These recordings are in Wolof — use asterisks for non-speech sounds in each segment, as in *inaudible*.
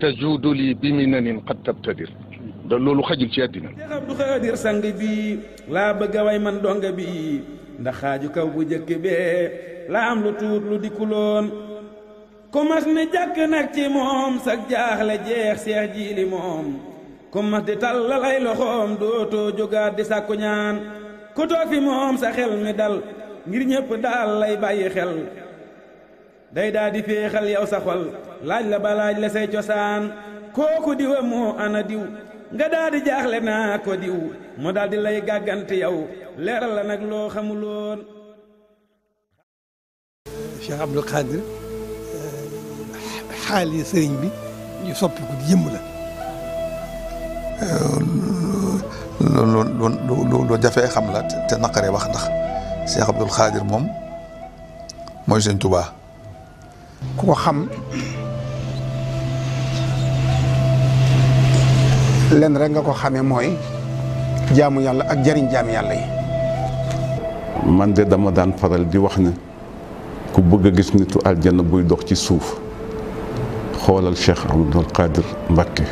tajuudu lii bi mi nanin xat tabtadir da loolu xajul ci àddina abdu xaadir sang bi laa bëgg a way man donga bi ndax xaaju kaw bu jëkk bee laa am lu tuut lu dikkuloon ku mas ne jàkk nag ci moom sag jaaxle jeex seex jiili moom ku mas di tàllal ay loxoom dootoo jógaat di sàkku ku toog fi moom sa xel mi dal ngir ñëpp daal lay bàyyi xel day da di féexal yow sa xol laaj la balaaj la say cosaan kooku diwa moo ana diw nga da di jaxle na ko diw mo dal di lay gagant yow leral la nag loo xamuloon Cheikh abdou Khadir xali sëriñ bi ñu soppi ko soppiku jëmm la lo lo lo jafé xam la te naqaree wax ndax Cheikh abdou Khadir mom moy Sëriñ touba ku ko xam len rek nga ko xamé moy jaamu yàlla ak jariñ jaamu yàlla yi. man de dama dan faral di wax ne ku bëgg gis nitu aljana buy dox ci suuf xolal Cheikh abdul Qadir Mbacké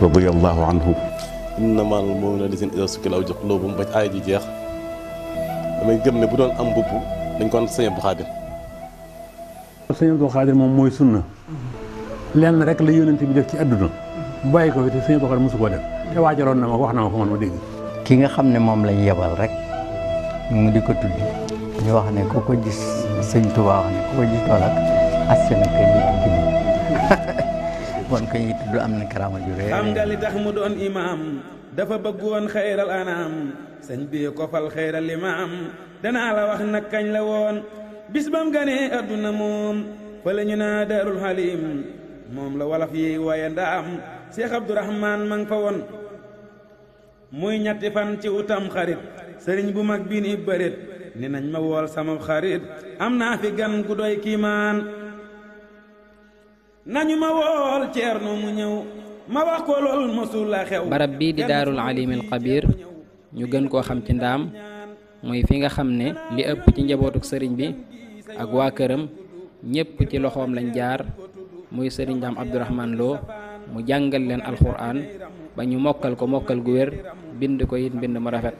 radiyallahu anhu innamal mu'minuuna allaziina izaa zukkira wajilat quluubuhum ba aaya ji jeex damay gëm ne bu doon am mbubb dañ ko sañ a bu xaadir sëñ Abdou Khadir moom mooy sunna rek la yónnent bi def ci adduna mu fi te sëñ Abdou Khadir mosu def te waajaloon na wax ko man ki nga lañ yebal rek mu di tuddi ñu wax ne ku gis sëñ Touba wax ne ku gis tool ak askan ak nit *laughs* kon koy tudd am na ju tax mu dafa bi ko fal xayral imaam danaa la wax nag kañ la bis bam ganee adduna moom fa ñu na darul halim mom la walaf yi waaye nda am seex abdurahmaan fa won muy ñatti fan ci utam xarit serigne bu mag bii ni bërit ni nañ ma wol sama xarit amna fi gan gu doy man nañu ma wol ceerno mu ñew ma wax ko lol masul la xew barab bi di alim al xabir ñu gën ko xam ci ndam mooy fi nga xamne li ëpp ci njabotuk serigne bi ak waa këram ñépp ci loxoom lañ jaar muy sëriñ Daam Abdourahmane Lo mu jàngal leen alxuraan ba ñu mokkal ko mokkal gu wér bind ko it mbind mu rafet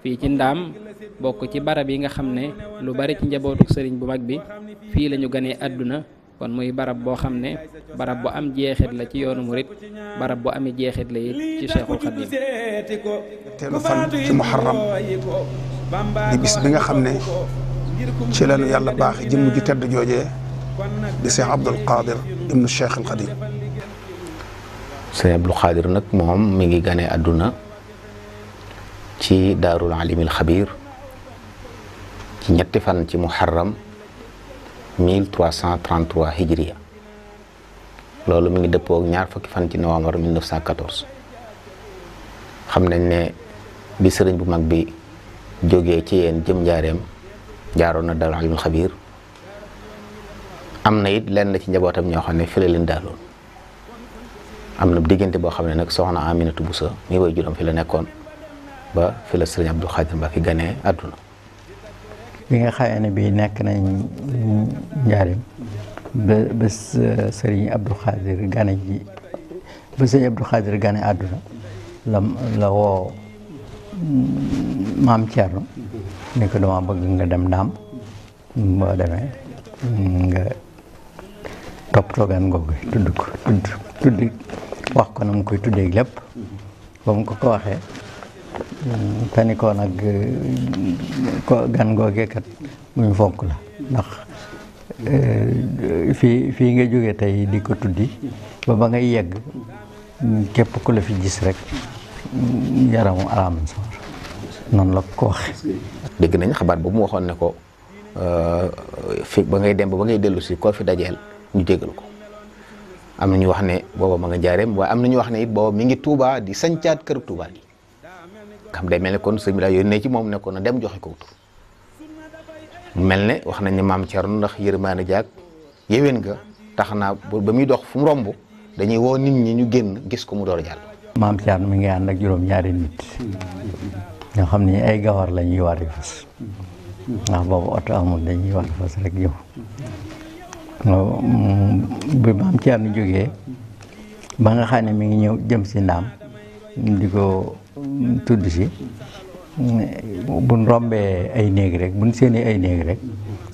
fii ci ndaam bokk ci barab yi nga xam ne lu bari ci njabootu sëriñ bu mag bi fii lañu gane àdduna kon muy barab boo xam ne barab bu am jeexit la ci yoonu murit barab bu ami jeexit la it ci Cheikhul Khadim teelu fan ci muharram di bi nga xam ne ci lañu yàlla baax jëmm ji tedd joojee di Cheikh Abdoul Qadir ibnu Cheikh al Xadim Sëñ Abdoul Qadir nag moom mi ngi gane àdduna ci daarul alimil xabir ci ñetti fan ci muharram 1333 hijriya loolu mi ngi dëppoo ak ñaar fukki fan ci novembre 1914 xam nañ ne bi sëriñ bu mag bi jógee ci yéen jëm njaareem jaaroon na Daarul Ilmul Xabiir am na it lenn ci njabootam ñoo xam ne fi la leen daaloon am na diggante boo xam ne nag soxna Aminatu Buso mi way juróom fi la nekkoon ba fi la sëriñ Abdou Khadir Mbacke ganee àdduna bi nga xamee bii nekk nañ njaarim ba ba sëriñ Abdou Khadir gane ji ba sëriñ Abdou la woo maam Thierno top Gadamdam, Badame, Duduk, duduk, to do Wakanam Kui to dig up, Bom Kokohe, Tanikona Gangogekat, Mufokula. Eh, fii fii nga jóge tey di ko tuddi ba ba ngay yegg képp ku la fi gis rek yaramu alam sawar noonu la ko waxe dégg nañ xabaat boobu mu waxoon ne ko euh, fi ba ngay dem ba ba ngay dellusi si koo fi dajeel ñu jégal ko am na ñu wax ne booba ma nga jaareem waaye am na ñu wax ne it booba mi ngi tuubaa di sancaat kër Touba gi nga xam day mel ne kon sëñ bi ne ci moom nekkoon ko na dem joxe ko mu mel ne wax nañ ne maam Thierno ndax yërmaane jaag yéwén ga tax naa ba muy dox fu mu romb dañuy woo nit ñi ñu génn gis ko mu door a jàll. maam Thierno mi ngi ànd ak juróom-ñaari nit. nga xam ni ay gawar la ñuy wari fas ndax boobu oto amul dañuy wari fas rek ñëw bi maam Thierno jógee ba nga xam ne mi ngi ñëw jëm si ndaam di ko tudd si buñ rombee ay néeg rek buñ seeni ay néeg rek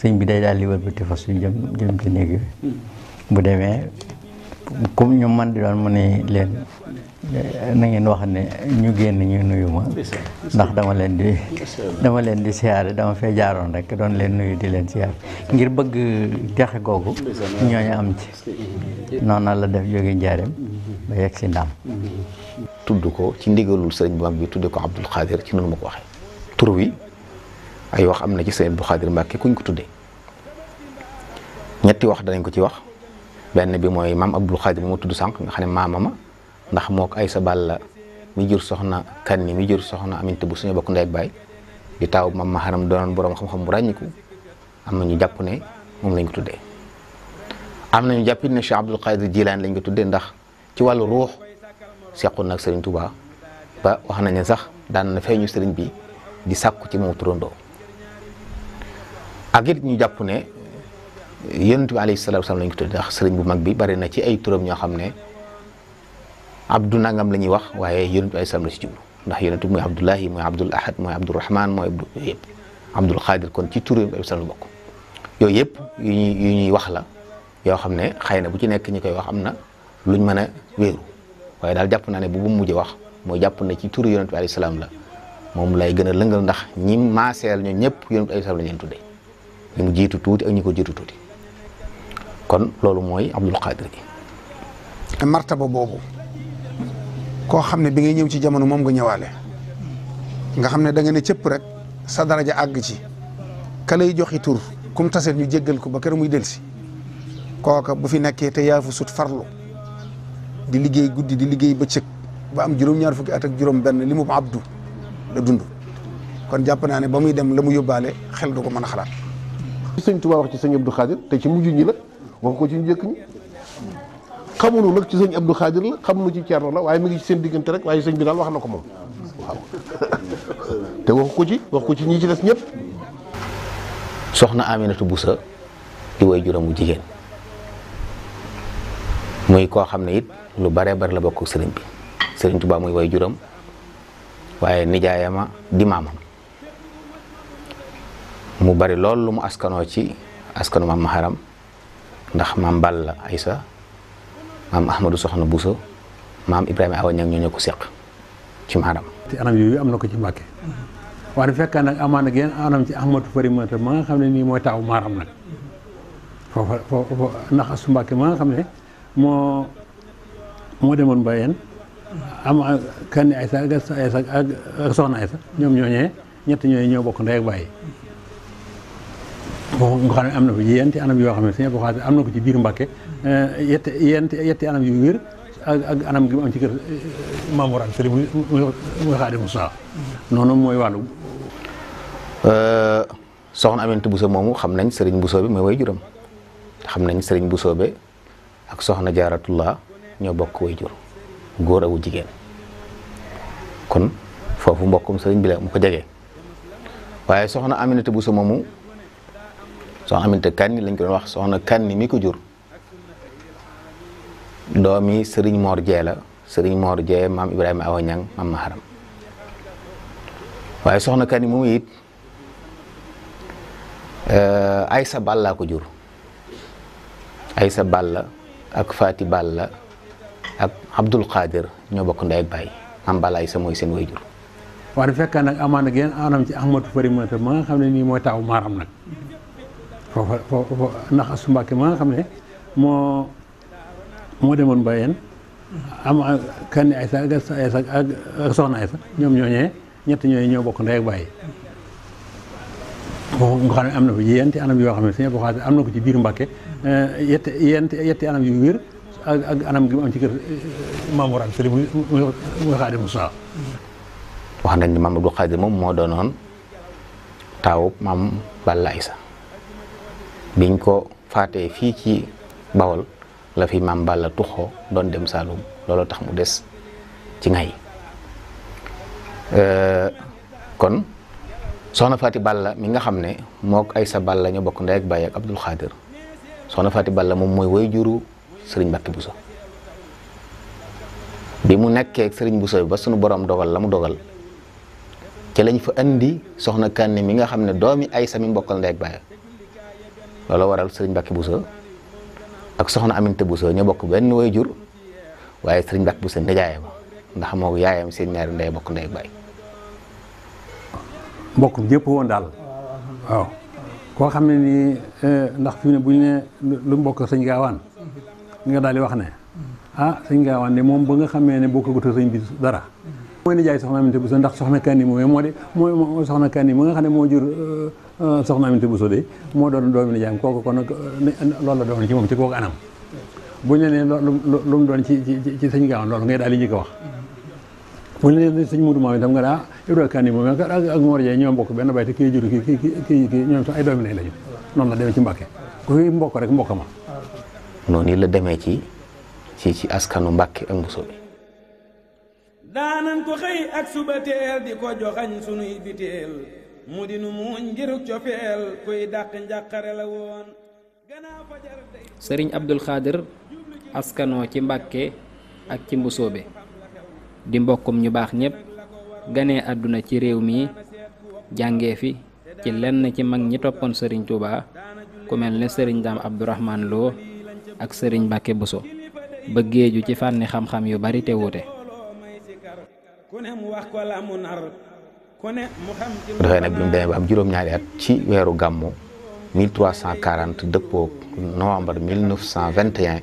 sëñ bi day daal di wëlbati fas yu jëm jëm néeg bi bu demee comme ñu man di doon mu ne leen na ngeen wax ne ñu génn ñu nuyu ma ndax dama leen di dama leen di siyaare dama fee jaaroon rek doon leen nuyu di leen siyaare ngir bëgg jaxe googu ñooñu am ci noonu la def jóge njaareem ba yegg si ndam tudd ko ci ndigalul sëriñ bu mag bi tudde ko Abdul Xaadir ci noonu ma ko waxee tur wi ay wax am na ci sëriñ bu Xaadir Mbàkke kuñ ko tudde ñetti wax danañ ko ci wax benn bi mooy maam Abdul Xaadir bi mu tudd sànq nga xam ne maamama ndax moo ko Aysa Balla mi jur soxna Kanni mu jur soxna Aminta bu suñu bokk ndey ak baay di taaw maam Maharam doonoon borom xam-xam bu ràññiku am na ñu jàpp ne moom lañ ko tuddee. am nañu jàpp ne Cheikh Abdul Xaadir Jilaan lañ ko tuddee ndax ci wàllu ruux seqoon nag Serigne Touba wax nañ ne sax daan na feeñu Serigne bi di sàkku ci moom ñu jàpp yonent ali sallallahu alaihi wasallam lañ ko tudd ndax sëriñ bu mag bi bari na ci ay turam ño xamne abdou nangam la wax waye yonent ali sallallahu alaihi wasallam ci jublu ndax yonent moy abdullah moy abdul ahad moy abdul rahman moy yëpp abdul khadir kon ci turu yonent sallallahu salaam bokk yooyu yëpp yu ñuy wax la yo xamne ne bu ci nek ñi koy wax amna luñ mëna a waye dal japp na ne bu bu mujj wax moy japp na ci turu yonent bi alayhi salaam la moom lay gëna leungal ndax ñi masel ñoo ñep yonent ali sallallahu salaam la leen tuddee ñu jitu tuti ak ñi ko jiitu tuuti kon loolu mooy Abdul Qadir gi. martaba boobu koo xam ne bi ngay ñëw ci jamono moom nga ñëwaale nga xam ne danga ne cëpp rek sa daraja àgg ci ka yi joxi tur kum taseet ñu jéggal ko ba kër muy delsi kooka bu fi nekkee te yaa fa sut farlu di liggéey guddi di liggéey bëccëg ba am juróom-ñaar fukki at ak juróom-benn li mu ba abdu la dund kon jàpp naa ne ba muy dem la mu yóbbaale xel du ko mën a xalaat. ci sëñ wax ci sëñ Abdou Khadir te ci mujj ñi la. wax ko ci ñu njëkk ñi xamuñu nag ci sëñ Abdou Khadir la xamuñu ci la waaye mi ngi ci seen diggante rek waaye sëñ wax na ko moom waaw *laughs* te wax ko ci wax ko ci ñi des ñëpp. soxna Aminatu Boussa di way juróom bu jigéen muy koo xam ne it lu baree bari la bokk ak sëriñ bi sëriñ Tuubaa muy way juróom waaye nijaayama di maamam mu bari lool lu mu askanoo ci askanu maam Maharam ndax maam Balla Aysa maam Ahmadou Soxna Bousso maam Ibrahima Awa Niang ñoo ñoo ko seq ci maanaam. te anam yooyu am na ko ci Mbàkke waaye bu fekkee nag amaan ak yenn anam ci Ahmadou Farimata ma nga xam ne nii mooy taawu maaram nag foofa foofa ndax su Mbàkke ma nga xam ne moo moo demoon ba yenn am kan ni Aysa ak Soxna Aysa ñoom ñooñee ñett ñooñee ñoo bokk ndey ak bàyyi boo nga xam ne am na fa yenti anam yoo xam ne Sëriñ Abdou Khadre am na ko ci biir Mbàkke euh, yetti yenti anam yu wér ak anam gi mu am ci kër euh, Mamour Anta Sali muy Xaadimu Rasuul noonu mooy wàllu euh, soxna bu Bousso moomu xam nañ Sëriñ bu bi mooy waajuram xam nañ Sëriñ Bousso bi ak soxna Jaaratullah ñoo bokk waajur góor awu jigéen kon foofu mbokkum sëriñ bi la mu ko jege waaye soxna bu Bousso moomu so aminte kanni lañ ko wax soxna kanni mi ko jur doomi serigne mor la serigne mor jee mam ibrahima awa ñang mam maharam waye soxna kanni mu yit euh aïssa balla ko jur aïssa balla ak fati balla ak abdul qadir ño bokk nday ak bay mam balla aïssa moy seen way jur waaye fekkaan amana amaan anam ci ahmadou fari ma nga xam ni moy taw maram nak foofa foofa ndax Astu Mbàkke ma nga xam ne moo moo demoon Mbayeen am kan ni Aysa ak soxna Aysa ñoom ñooñee ñett ñoo bokk ndey ak bàyyi foofu nga xam ne am na fa yenti anam yoo xam ne suñu boxaat am na ko ci biir Mbàkke eh, yetti yenti yetti anam yu wér ak anam gi am ci kër eh, Mamour Anta Sali muy Xaadim Musaa wax nañ ni Maam Abdou Xaadir moom moo doon taawub Maam Balla Aysa biñ ko faatee fii ci bawol la fi maam Balla doon dem Saalum looloo tax mu des ci euh, kon soxna Faati Balla mi nga xam ne mook Aysa Balla ñoo bokk ndey ak baay Faati Balla moom mooy way juru sëriñ Mbàkke bi mu nekkee sëriñ bu bi ba sunu borom dogal la mu dogal ci lañ fa indi soxna Kànni mi nga xam ne doomi Aysa mi mbokkal ndey ak baay loolu waral sëriñ bakki Bousso ak soxna Aminta Bousso ñoo bokk benn waajur waaye sëriñ Mbacke Bousso nijaayam ndax moo yaayam seen ñaari ndey bokk ndey baay. bokk mi woon daal waaw xam ne nii eh, ndax fi ne bu ñu ne lu mbokk sëñ gaawaan nga daal di wax ne ah sëñ gaawaan ne moom ba nga xamee ne bokkagut sëñ bi dara. mooy nijaay soxna Aminata Bousso ndax soxna Kani moom moo de mooy soxna Kani mu nga xam ne moo jur euh, euh, soxna Aminata Bousso de moo doon doomi nijaayam kooku kon nag euh, loolu la doon ci moom ci kooku anam bu ñu nee lu lu mu doon ci ci ci sëñ Gaawaan loolu ngay daal di njëkk a wax bu ñu nee sëñ Moudou Maam itam nga daa Ibrahima Kani moom ak ak Mor Jaay ñoo bokk benn baay te kii jur kii kii kii kii ñoom sax ay doomi la demee ci Mbàkke ku fi mbokk rek mbokk ma yi la demee ci ci ci askanu Mbàkke ak Bousso bi daanan ko xëy ak suba teel di ko joxañ sunuy biteel mu di nu muuñ ngiruk cofeel kuy dàq njàqare la woon sëriñ abdul xaadir askanoo ci mbàkke ak ci bi di mbokkum ñu baax ñépp ganee àdduna ci réew mi jàngee fi ci lenn ci mag ñi toppoon sëriñ Touba ku mel ne sëriñ Daam Abdourahman ak sëriñ Mbàkke Buso ba géeju ci fànni xam-xam yu bari te wuute doxee nag bi mu demee ba am juróom-ñaari at ci weeru gàmmu 1340 dëppoo novembre 1921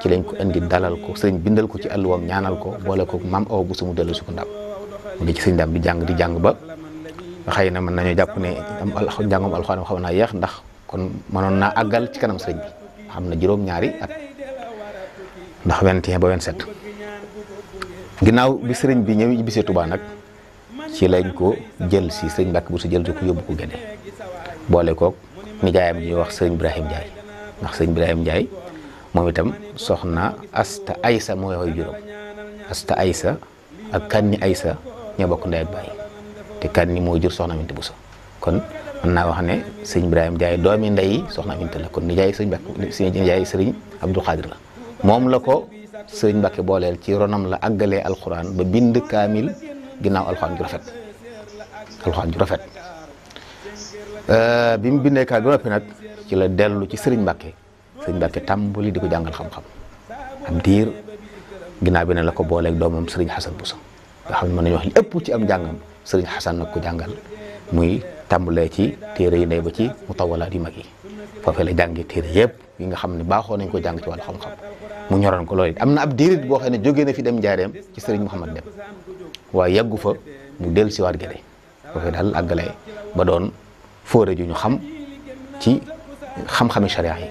ci lañ ko indi dalal ko sëriñ bindal ko ci àlluwam ñaanal ko boole ko maam aw bu mu dellu si ko ndam mu ngi ci sëriñ ndam di jàng di jàng ba xëy na mën nañoo jàpp ne am njàngum alxuraan xam naa yeex ndax kon mënoon naa àggal ci kanam sëriñ bi xam na juróom-ñaari at ndax 21 ba 27 ginnaaw bi sëriñ bi ñëw ñibbisee Touba nag ci lay ko jël si sëriñ Mbàkke bu sa jël si ko yóbbu ko Guédé boole koog nijaayam ñuy wax sëriñ Ibrahima Ndiaye ndax sëriñ Ibrahima Ndiaye moom itam soxna Asta Aysa mooy koy juróom Asta Aysa ak Kanni Aysa ñoo bokk ndey ak baay te Kanni moo jur soxna Aminta Bousso kon mën naa wax ne sëñ Ibrahima Ndiaye doomi ndey soxna Aminta la kon nijaay sëñ Mbàkke nijaay sëriñ la moom la ko sëriñ Mbàkke booleel ci ronam la àggalee alxuraan ba bind kaamil ginnaaw alxuraan ju rafet alxuraan ju rafet euh, bi mu bindee kaamil ba noppi nag ci la dellu ci sëriñ Mbàkke sëriñ Mbàkke tàmbali di ko jàngal xam-xam am diir ginnaaw bi ne la ko booleeg doomam sëriñ Xasan Buso nga xam ne mën nañu wax li ëpp ci am jàngam sëriñ Xasan nag ko jàngal muy tàmbalee ci téere yi ne ba ci mutawalaat yu mag yi foofee la jàngi téere yëpp yi nga xam ne baaxoo nañ ko jàng ci wàllu xam mu ñoroon ko loolu am na ab diirit boo xam ne jógee na fi dem njaareem ci sëriñ Mouhamad dem waaye yàggu fa mu del siwaat gede foofee daal àggale ba doon foore ju ñu xam ci xam-xami sharia yi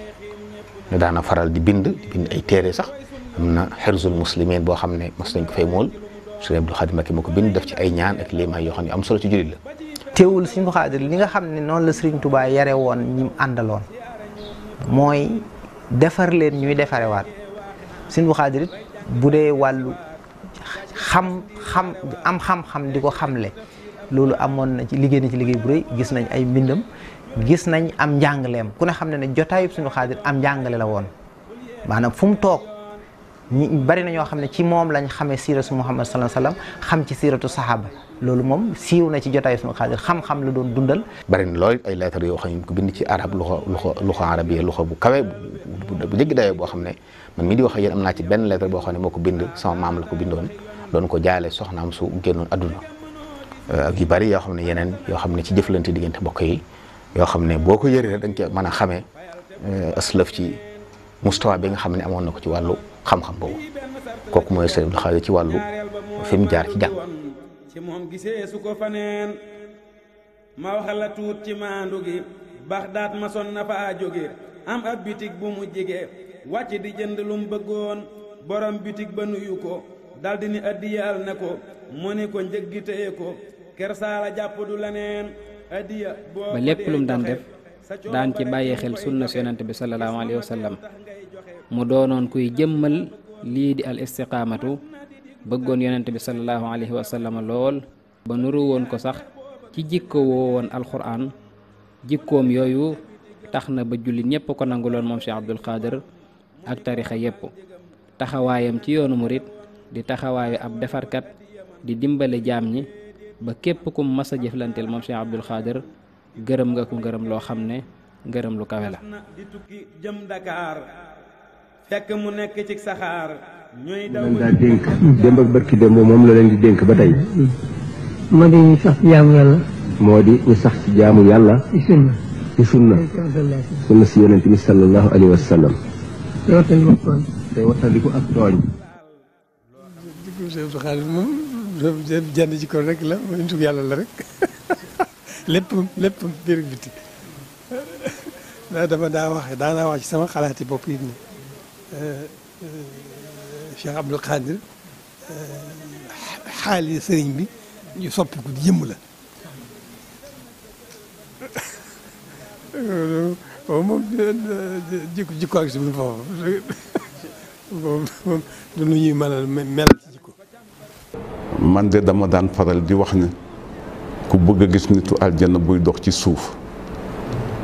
ñu daana faral di bind bind ay téere sax am na xerzul muslimin boo xam ne mas nañ ko fay mool sëriñ Abdou Khadim Mbacké ko bind def ci ay ñaan ak liimaay yoo xam ne am solo ci jullit la teewul suñu xaadir li nga xam ne noonu la sëriñ Touba yare woon ñi mu àndaloon mooy defar leen ñuy defarewaat sëñ bu bu dee wàllu xam xam am xam-xam di ko xamle loolu amoon na ci liggéey na ci liggéey bu rëy gis nañ ay mbindam gis nañ am njàngaleem ku ne xam ne na jotaayub sëñ bu am njàngale la woon maanaam fu mu toog ñi bari na ñoo xam ne ci moom lañ xamee siiratu Muhammad sallallahu alayhi wasallam xam ci siiratu saxaaba loolu moom siiw na ci jotaayu sunu xaadir xam-xam la doon dundal. bari na lool ay lettres yoo xam ne ko bind ci arab luxa luxa luxa arabiya luxa bu kawe bu jéggi dayoo boo xam ne. man mii di wax ak yéen am naa ci benn lettre boo xam ne moo ko bind sama maam la ko bindoon doon ko jaale soxnaam su génnoon adduna euh, ak yu bari yoo xam ne yeneen yoo xam ne ci jëflante diggante mbokk yi yoo xam ne boo ko yëree da nga cee mën a xamee euh, ci mustawa bi nga xam ne amoon na ko ci wàllu xam-xam boobu kooku mooy sëriñ Abdou Khadre ci wàllu fi mu jaar ci jàng ci moom gisee su ko faneen ma waxal tuut ci maandu gi Baxdaat ma son na faa jóge wàcc di jënd lum bëggoon borom bitig ba nuyu ko daldi ni addiyaal na ko mu ni ko njëg gi ko kersaala jàppatu du leneen addiya ba lépp daan def daan ci bàyyi xel sunna su yonent bi sallallahu alayhi wa mu doonoon kuy jëmmal lii di al bëggoon yonent bi sallallahu alayhi wa lool ba nuru woon ko sax ci jikko woo woon alxuraan jikkoom yooyu tax na ba jullit ñépp ko nanguloon moom Cheikh Abdul Xaadir ak tarixa yépp taxawaayam ci yoonu murid di taxawaayu ab defarkat di dimbale jaam ñi ba képp ku massa a jëflanteel moom Cheikh Abdul Xaadir gërëm nga ko ngërëm loo xam ne ngërëm lu kawe la di tukki jëm Dakar fekk mu nekk ci saxaar ñooy daw daa dénk démb ak barki démb moom la leen di denk ba tey moo di ñu sax ci jaamu yàlla moo di ñu sax ci jaamu yàlla ci sunna ci sunna sunna si yonent bi sallallahu alayhi wa sallam day wattandiku ak tooñ. day wattandiku ak tooñ. dugub sëñ Abdou Khadre moom loolu jënd ci ko rek la mooy nitu yàlla la rek lépp lépp biir biti dama daa wax daanaa wax ci sama xalaati bopp yi ni Cheikh Abdou Khadre xaali sëriñ bi ñu soppiku jëmm la. ومم ديكو ديكو اكس أنا أقول لك ني مال مال ديكو مان دي داما دان فارال أنا أقول لك بوغا غيس نيتو الجنه بوي دوخ سي سوف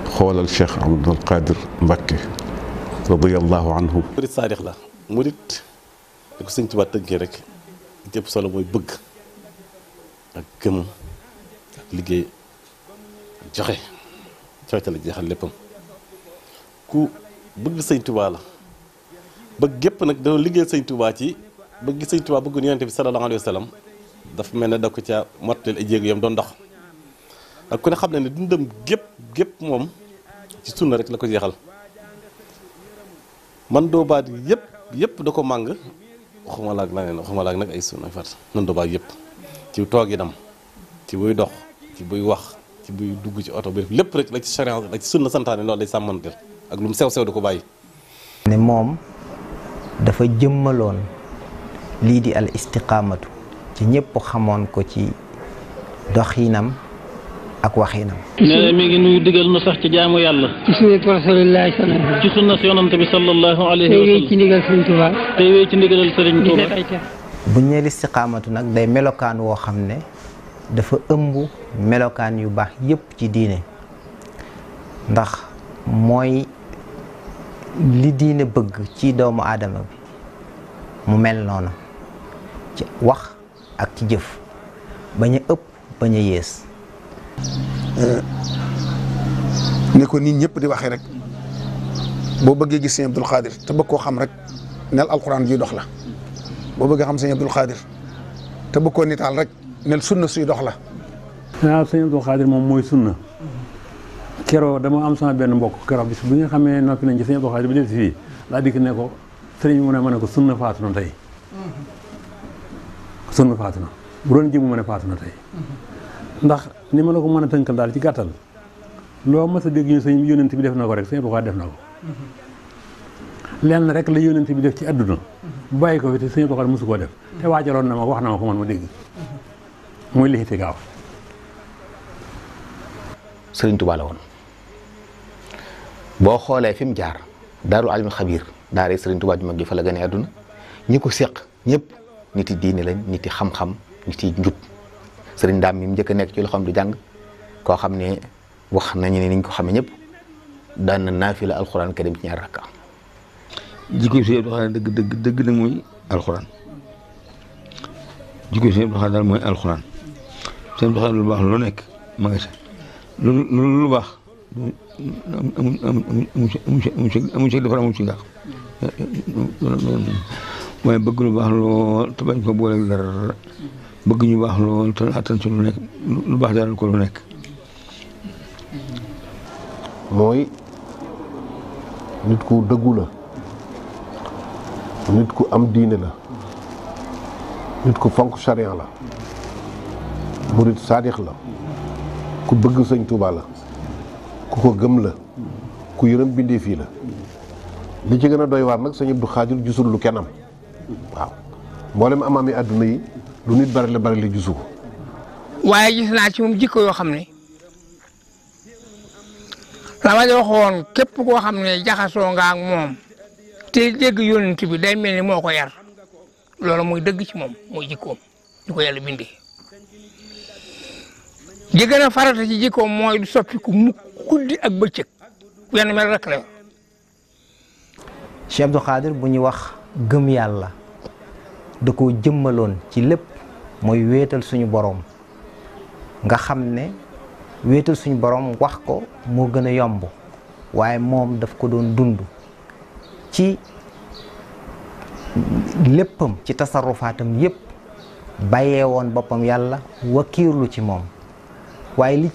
خولال أنا أقول لك مكي رضي الله عنه مريد صالح لا مريد ديكو سيغ توبا تنكي رك ديب سولو موي بوغ اك كم ليغي جخي تويتال جخال ليبم ku bëgg sëñ la bëgg gépp nag dana liggéey sëñ ci bëgg sëñ bëgg bëggoon yonente bi sallallahu alayhi wa dafa mel ne da ko ca mottaleel ay yam doon dox ku ne xam ne ne dundam gépp gépp moom ci sunna rek la ko jeexal man doo baat yëpp yëpp da ko màng waxumala ak leneen waxumala ak nag ay sunna fat man doo baat yëpp ci tooginam ci buy dox ci buy wax ci buy dugg ci oto bi lépp rek la ci charia la ci sunna santaane loolu lay sàmmanteel ak lu mu sew sew du ko bàyyi. ne moom dafa jëmmaloon lii di al istiqaamatu ci ñépp xamoon ko ci doxinam ak waxinam. nee na mi ngi nuyu digal na sax ci jaamu yàlla. bu ñu nee nag day melokaan woo xam ne dafa ëmb melokaan yu baax yépp ci diine ndax mooy. li diine bëgg ci doomu aadama bi mu mel noonu ci wax ak ci jëf bañ a ëpp bañ a yées euh, ni ko nit ñépp di waxee rek boo bëggee gis sëñ Abdul Xaadir te bëgg koo xam rek nel alquran juy dox la boo bëggee xam sëñ Abdul Xaadir te bëgg koo nitaal rek nel sunna suy dox la. waaw sëñ Abdul Xaadir moom mooy sunna. keroo dama am sama benn mbokk keroo bis bi nga xamee noppi nañ ci sëñ Abdou Khadre bi def si laa dikk ne ko sëriñ mu ne ma ne ko sunna faatu na tey mm-hmm. sunna faatu na bu doon jëmu ne faatu na mm-hmm. ndax ni ma la ko mën a tënkal daal ci gàttal loo masa a dégg ñu sëñ yónent bi def na ko rek sëñ Abdou Khadre def na mm-hmm. lenn rek la yónent bi def ci adduna bàyyi ko fi te sëñ Abdou Khadre mosu koo def te waajaloon na ma wax na ko man ma dégg muy lixiti gaaw boo xoolee fi mu jaar daaru alimul xabiir daara Serigne Touba ju mag ji fa la gane àdduna ñi ko séq ñëpp nit yi diine lañ nit yi xam-xam nit yi njub Serigne Dame mi mu njëkk a ci loxoom di jàng koo xam wax nañu ne niñ ko xamee ñëpp daan na naafila karim ci ñaar rakka. jikko si yëpp dafa dëgg dëgg dëgg nag mooy jikko si yëpp dafa daal mooy alxuraan seen lu baax lu nekk ma nga sa lu lu lu amuñ amuñ amuñ si defar amuñ si yàq waaye bëgg lu baax lool te bañ ko booleeg dara bëgg ñu baax lool te attan si lu nekk lu baax jaral ko lu nekk. mooy nit ku dëggu la nit ku am diine la nit ku fonk charia la murit saadix la ku bëgg sëñ Tuuba la. ku ko gëm la ku yërëm bindee fii la li ci gën a doy waar nag sëñ Abdou Khadir gisul lu kenn am waaw mboolem amaam yi àdduna yi lu nit bari la bari la gisu ko waaye gis naa ci moom jikko yoo xam ne la ma képp koo xam ne jaxasoo nga ak moom te dégg yonent bi day ko yar loolu muy dëgg ci moom mooy jikkoom ñu bindee di gën farata ci jikkoom mooy du soppiku mukk guddi ak bëccëg wenn mel rek la yor. Cheikh bu ñu wax gëm yàlla da ko jëmmaloon ci lépp mooy wéetal suñu boroom nga xam ne wéetal suñu boroom wax ko moo gën a yomb waaye moom daf ko doon dund ci léppam ci tasarufaatam yépp bàyyee woon boppam yàlla wakiirlu ci moom waaye li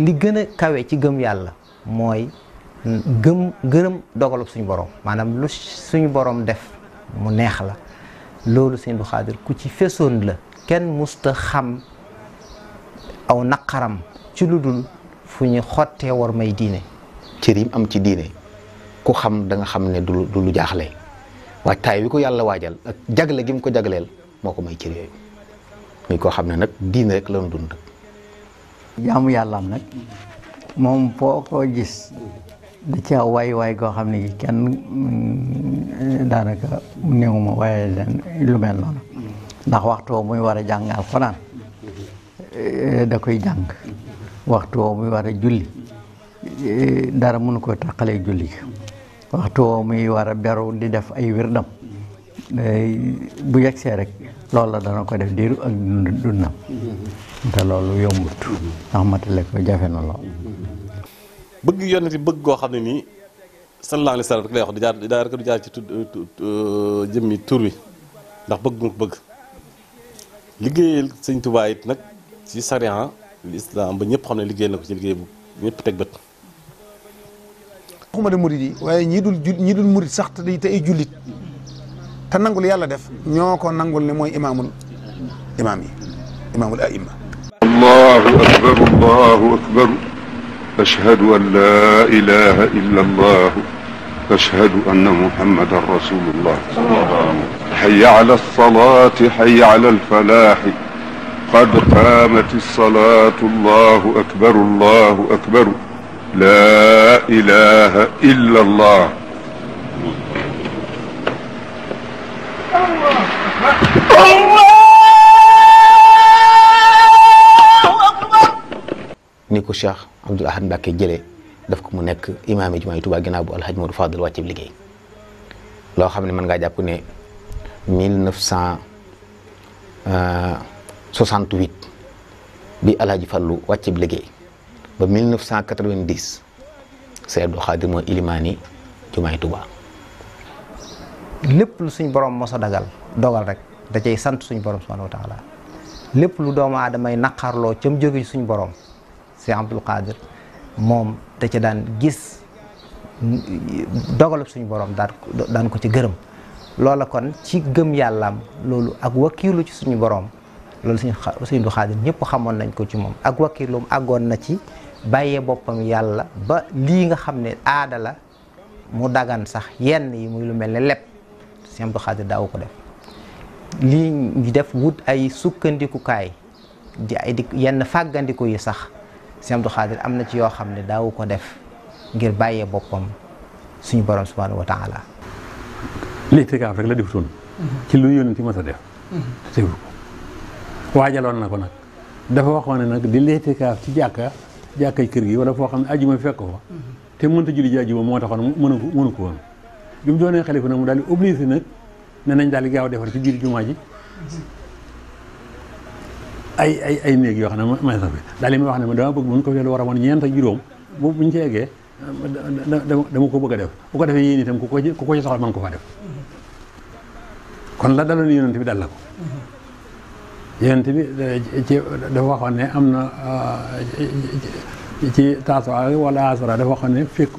li gën a kawe ci gëm yàlla mooy gëm gërëm dogalub suñu borom maanaam lu suñu borom def mu neex la loolu sëñ bu ku ci fesoon la kenn musta xam aw naqaram ci lu dul fu ñu xottee war may diine cër yi am ci diine ku xam danga xam ne du lu jaaxle waaye taay wi ko yàlla waajal ak jagle gi mu ko jagleel moo ko may cër yooyu muy koo xam ne nag diine rek lanu dund jaamu yàllaam nag moom foo ko gis da ca waay waay goo xam ne kenn mm, daanaka néewuma waaye leen lu mel noonu ndax waxtu woo muy war a jàng alxuraan eh, da koy jàng waxtu woo muy war julli eh, dara mënu ko julli waxtu woo muy war a beru di def ay wirdam bu yegsee rek lool la dana ko def diiru ak dundam te loolu yombut ndax matale ko jafe na lool bëgg yonent bëgg goo xam ne nii sallallahu alayhi wa sallam rek lay wax du jaar daa rek du jaar ci tudd euh, jëmmi tur wi ndax bëgg mu ko bëgg liggéeyal sëñ Tuubaa it nag ci sariya lislaam ba ñëpp xam ne liggéey na ko ci liggéey bu ñëpp teg bët waxuma de murid yi waaye ñi dul ñi dul murid sax te ay jullit تنغول يالا ديف نيوكو نانغول ني موي امام الامامي امام الائمه الله اكبر الله اكبر اشهد ان لا اله الا الله اشهد ان محمد رسول الله حي على الصلاه حي على الفلاح قد قامت الصلاه الله اكبر الله اكبر لا اله الا الله ko Cheikh Abdoul Ahad Mbacké jëlee daf ko mu nekk imaam jumaa yi Tuubaa bu Alhaji Modou Fadal wàcce bi liggéey loo xam ne mën ngaa jàpp ne 1968 euh, bi Alhaji Fallu wàcce bi liggéey ba 1990 Sëriñ Abdou Khadir ilimaani jumaa yi lépp lu suñ borom mosa dagal dogal rek da cay sant suñ borom subhanahu wa taala lépp lu doomu aadamay naqarloo ca mu jóge suñ borom Cheikh Abdoul Qadir moom da ca daan gis dogalub suñu borom daan daan ko ci gërëm loola kon ci gëm yàllaam loolu ak wakiilu ci suñu boroom loolu suñu suñu du Xaadir ñëpp xamoon nañ ko ci moom ak wakiilum àggoon na ci bàyyee boppam yàlla ba lii nga xam ne aadala mu dagan sax yenn yi muy lu mel ne lépp Cheikh Abdoul Qadir daawu ko def lii ñu def wut ay sukkandikukaay di ay di yenn fàggandiku yi sax Sëñ Abdou am na ci yoo xam ne daawu ko def ngir bàyyee boppam suñu borom subhanahu wa taala litikaaf rek la defutoon ci lu yónni ci mos a def te teewu ko waajaloon na ko nag dafa waxoon ne nag di litikaaf ci jàkka jàkkay kër gi wala foo xam ne ajuma fekk ko fa te mënta julli ji ajuma moo taxoon mënu ko mënu ko woon bi mu doonee xalifa nag mu daal di obligé nag ne nañ daal di gaaw defar ci biir jumaa ji ay ay ay néeg yoo xam ne may sax bi daal li may wax ne ma dama bëgg bu ko fi war a wan ñeent ak juróom bu bu ñu ci eggee dama ko bëgg a def bu ko defee yéen itam ku ko ci ku ko ci soxla mën ko faa def kon la daloon yonent bi dal la ko yonent bi eh, ci dafa waxoon ne am na eh, ci taasuwa wala asura dafa waxoon ne fekk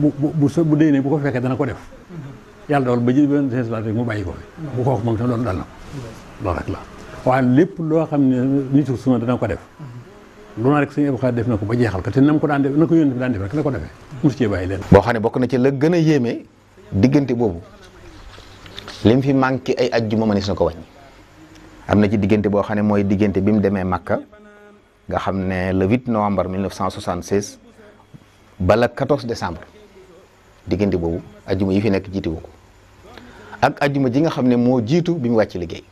bu bu so bu déy ne bu ko fekkee dana ko def mm-hmm. yàlla dool ba ji benn mu bàyyi ko fi bu kooku moom dal na waaye lépp loo xam ne nitu suna dana ko def lu na rek suñu avocat def na ko ba jeexal ko te na ko daan def na ko yónnee daan def rek ko defee mosu leen boo xam ne bokk na ci la gën a yéeme diggante boobu lim fi manqué ay ajjuma mënees na ko wàññi am na ci diggante boo xam ne mooy diggante bi mu demee Makka nga xam ne le 8 novembre 1976 ba le 14 décembre diggante boobu ajjuma yi fi nekk jiituwu ko ak ajjuma ji nga xam ne moo jiitu bi mu wàcc liggéey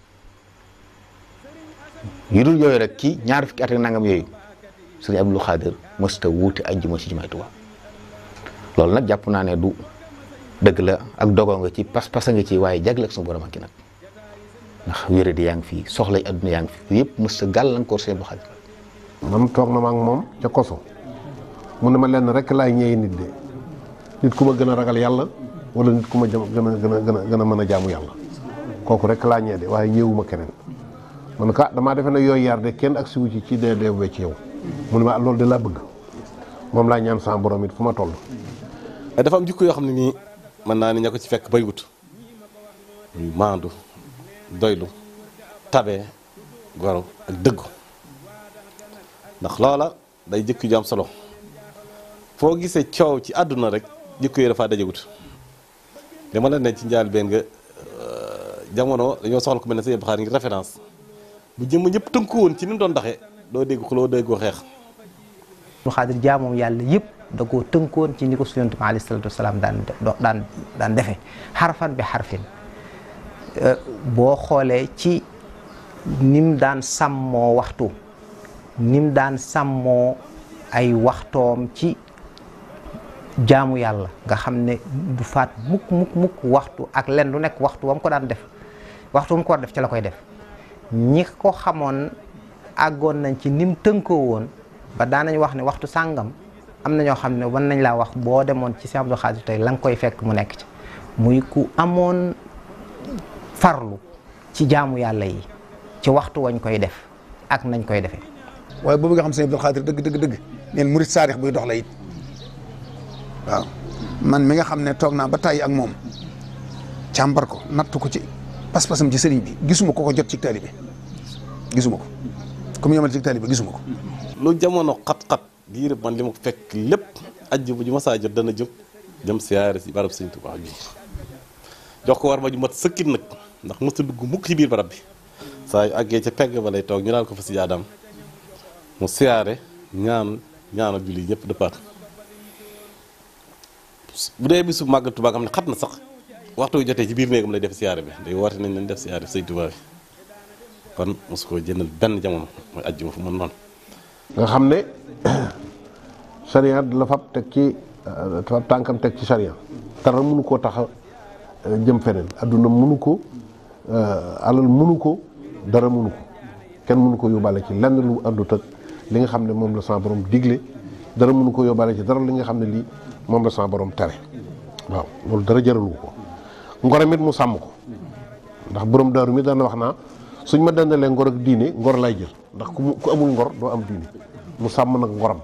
yu dul yooyu rek ci ñaar fukki at ak nangam yooyu sëriñ Abdou Khadr mësta wuuti ajjuma ci jumaay Tuubaa loolu nag jàpp naa ne du dëgg la ak dogoo nga ci pas-pasa nga ci waaye jagle ak suñu borom ak ki nag ndax wéra yaa ngi fi soxla yi adduna yaa ngi fi yëpp mësta gàllankoor seen Abdou Khadr man toog na ma ak moom ca koso mu ne ma lenn rekk laay ñëwee nit de nit ku ma gën a ragal yàlla wala nit ku ma gën a gën a gën a gën a mën a jaamu yàlla kooku rek laa ñee waaye ñëwuma keneen man ka ah, damaa defe ne yooyu yar de kenn ak siwu ci ci dee dee ci yow mu ne ma ah, loolu de laa bëgg moom laa ñaan sama borom it fu ma toll eh, dafa am jikko yoo xam ne nii mën naa ni ña ko ci fekk bay wut muy maandu doylu tabe goru ak dëggu ndax loola day jëkk ju solo foo gisee coow ci àdduna rek jikko yi dafaa dajagut li ma la ne ci njaal benn nga euh, dañoo soxla ko mel ne sa yëpp xaar ngir référence bu jëmm ñëpp tënku woon ci ni doon doxee doo dégg xuloo doo dégg xeex. Abdou Xaadir yàlla yëpp da koo tënkoon ci ni ko Yonent bi alayhi salaam daan daan daan defee xarfan bi xarfin euh, boo xoolee ci nim daan sàmmoo waxtu nim daan sàmmoo ay waxtoom ci jaamu yàlla nga xam ne du faat mukk mukk mukk waxtu ak len lu nekk waxtu wam ko daan def waxtu wam ko war def ci la koy def. ñi ko xamoon àggoon nañ ci nim tënkoo woon ba daanañ wax ne waxtu sàngam am na ñoo xam ne wan nañ laa wax boo demoon ci Sëñ Abdou Khadre tey la koy fekk mu nekk ci muy ku amoon farlu ci jaamu yàlla yi ci waxtu wañ koy def ak nañ koy defee. waaye boobu nga xam Sëñ Abdou Khadre dëgg dëgg dëgg neen murit saarix buy dox la it man mi nga xam ne toog naa ba tàyyi ak moom càmbar ko natt ko ci. pas-pasam ci sëriñ bi gisuma ko ko jot ci taalibe gisuma ko comme yomal ci taalibe gisuma ko. lu jamono xat-xat diir man li ma fekk lépp ajjuma ju ma saa jot dana jóg dem siyaare si barab sëriñ Tuubaa bi jox ko war ma ju mat sëkkit nag ndax mësta dugg mukk ci biir barab bi saa yu àggee ca pegg ba lay toog ñu daal ko fa si jaadaam mu siyaare ñaan ñaanal julli ñëpp dëppaat bu dee bisu màggal Tuubaa nga xam ne xat na sax. waxtu wu jotee ci biir néegam lay def siyaare bi day woote nañ leen def siyaare bi sëñ Tuubaa bi kon mosu koo jëndal benn jamono mooy ajjuma fu mën noonu nga xam ne sariya *coughs* la fab teg ci euh, fab tànkam teg ci sariya dara mënu koo tax a euh, jëm feneen adduna mënu ko euh, alal mënu ko dara mënu ko kenn mënu ko yóbbaale ci lenn lu àndut ak li nga xam ne moom la sama borom digle dara mënu ko yóbbaale ci dara li nga xam ne lii moom la sama borom tere waaw loolu dara jaralu ko ngor mit mu sam ko ndax borom daru mi dana waxna naa suñ ma dandalee ngor ak diine ngor lay jël ndax ku amul ngor do am diine mu sam nak ngoram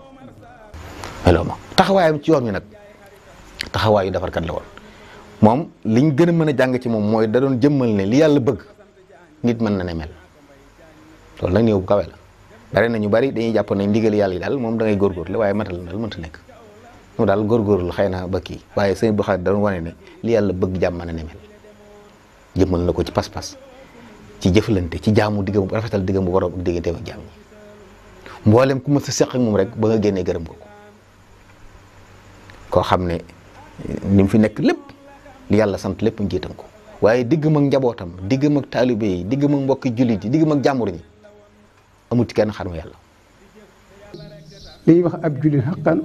ma taxawayam ci yoon nak taxawayu taxawaayu kan la won mom liñ gëna mëna jang ci mom moy da doon jëmmal ne li yalla bëgg nit mën na ne mel lol nak néew bu kawe la bare na ñu bari dañuy japp ne ndigal yalla dal mom da ngay góorgóorlu waye matal dal mënta nek nu daal góorgóorlu xëy na ba kii waaye sëñ bu xaar dañu wane ne li yàlla bëgg jàmm ne mel jëmmal na ko ci pas-pas ci jëflante ci jaamu diggam rafetal diggam bu borom ak digganteem ak jàmm ñi ku ma sa seq moom rek ba nga génnee gërëm ko ko koo xam ne ni fi nekk lépp li yàlla sant lépp njiitam ko waaye diggam ak njabootam diggam ak taalibe yi diggam ak mbokki jullit yi diggam ak jàmbur ñi amut kenn xarma yàlla. li ñuy wax ab jullit xaqan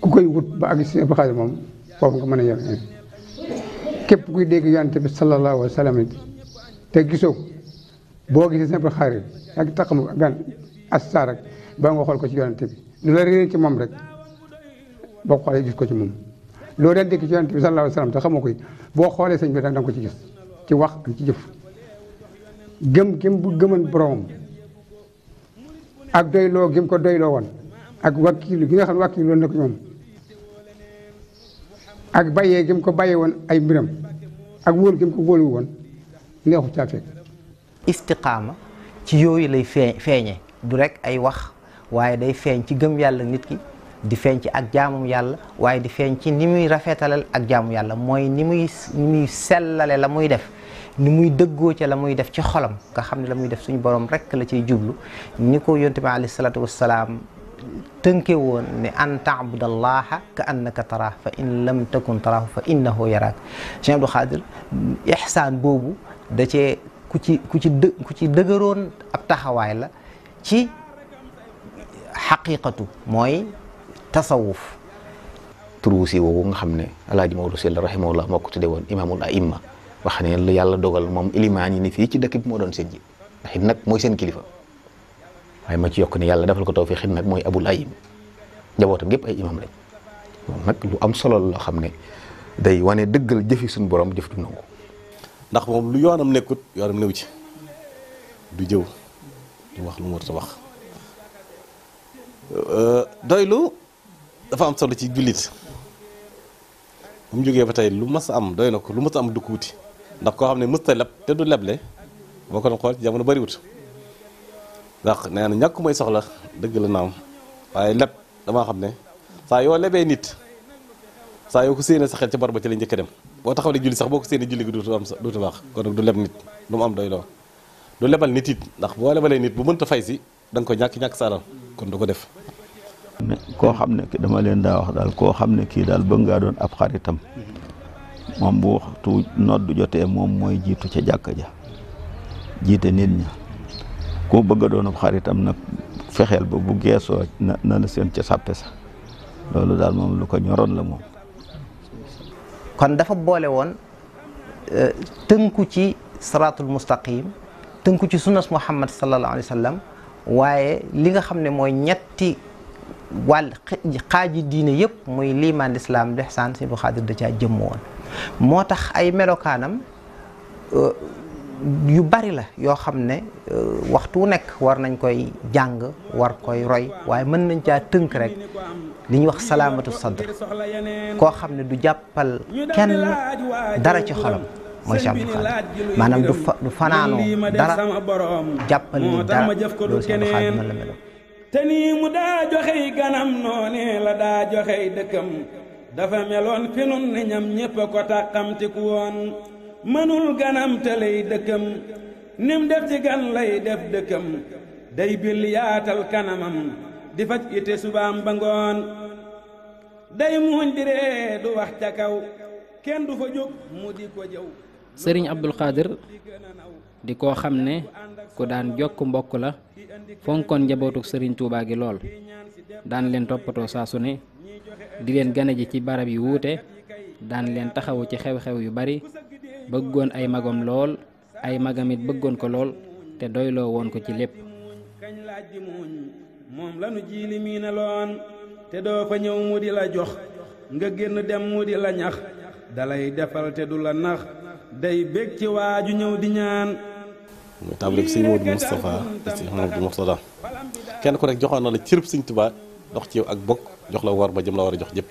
ku koy wut ba àgg si Abdou Khadre moom foofu nga mën a yem képp kuy dégg yonent bi sallallahu alayhi wa sallam te gisook boo gis si Abdou Khadre ak taxamu gan astar rek ba xool ko ci yonent bi lu la ci moom rek boo xoolee gis ko ci moom loolu daan dégg ci yonent bi sallallahu alayhi wa sallam te xamoo ko it boo xoolee sëñ bi da nga ko ci gis ci wax ak ci jëf gëm gëm bu gëman boromam ak doyloo gëm ko doyloo woon ak wakkiilu gi nga xam ne wakkiilu woon na ko ñoom ak bàyyee gi ko bàyyee woon ay mbiram ak wóolu gi ko wóolu woon neexu ci fekk istiqaama ci yooyu lay fee feeñe du rekk ay wax waaye day feeñ ci gëm yàlla nit ki di feeñ ci ak jaamum yàlla waaye di feeñ ci ni muy rafetalal ak jaamu yàlla mooy ni muy ni sellale la muy def ni muy dëggoo ca la muy def ci xolam nga xam ne la muy def suñu borom rek la ciy jublu ni ko yonte bi alayhi salaatu tënke woon ne an taabudallaha ka annaka taraahu fa in lam takun taraahu fa innahu yaraak Cheikh Abdou Khadir ihsaan boobu da ci ku ci dë ku ci dëgëroon ab taxawaay la ci xaqiqatu mooy tasawuf turu si woowu nga xam ne alaaji Maodo Sylla rahimahullah moo ko tudde woon imaamul aimma wax ne la yàlla dogal moom ilimaan yi ne fii ci dëkk bi moo doon seen ji ndax mooy seen kilifa waaye ma ci yokk ne yàlla defal ko tawfiq nag mooy abul ayim njabootam gépp ay imam lañ nag lu am solo loo xam ne day wane dëggal jëfi suñu borom jëf du nangu ndax moom lu yoonam nekkut yoonam new ci du jëw du wax lu mu war a wax euh, doylu dafa am solo ci jullit bu jógee ba tey lu mas am doy na ko lu mas a am du ko wuti ndax koo xam ne mës ta leb te du leble boo kon xool ci jamono bariwut ndax nee na ñàkk mooy soxla dëgg la naam waaye leb damaa xam ne saa yoo lebee nit saa yoo ko séenee sa xel ca bor ba ci la njëkk dem boo taxaw ne julli sax boo ko séenee julli gi dootu am wax baax kon du leb nit lu mu am doy loo du lebal nit it ndax boo lebalee nit bu mënta fay si da nga ko ñàkk-ñàkk saaral kon du ko def koo xam ne ki dama leen daa wax daal koo xam ne kii daal bëgg ngaa doon ab xaritam moom bu waxtu nodd jotee moom mooy jiitu ca jàkk ja jiite nit ña koo bëgg a doon ab xaritam nag fexeel ba bu geesoo na la seen ca sàppe sax loolu daal moom lu ko ñoroon la moom. kon dafa boole woon e, tënku ci saratul mustaqim tënku ci sunnas muhammad sallallahu alayhi wa waaye li nga xam ne mooy ñetti wàll xaaji diine yëpp muy liimaan lislaam lihsaan si bu xaadir da caa jëmm woon moo tax ay melokaanam. E, yu bari la yoo xam ne euh, waxtu wu nekk war nañ koy jàng war koy roy waaye mën nañ ca tënk rek li ñuy wax salaamatu sadr koo xam ne du jàppal kenn dara ci xalam mooy maanaam du fa du fanaanoo dara jàppal ni dara loolu Cheikh la meloon te nii mu daa joxey ganam noonee la daa joxey dëkkam dafa meloon fi nun ni ñam ñépp ko tàqamtiku woon manul ganam talay dekem nim def ci gan lay def dekem day bil yaatal kanamam di fajj ite subam bangon day muuñ du wax ta kaw ken du fa jog mu ko jaw serigne abdul Qadir di ko xamne ne ku daan jokk mbokk la fonkon njabootuk serigne touba gi lol daan len topato sa suné di len ganaji ji ci barab yi wuté daan len taxawu ci xew-xew yu bari bëggoon ay magam lool ay magamit bëggoon ko lool te doyloo woon ko ci lépp kañ laaj di muuñ moom lanu jiili mii na loon te doo fa ñëw mu di la jox nga génn dem mu di la ñax dalay defal te du la nax day bég ci waaju ñëw di ñaan muy tàmbali sëñ Modou Moustapha ak kenn ku nekk joxoon na la cërëb sëñ Tuubaa dox ci yow ak bokk jox la war ba jëm la war a jox jëpp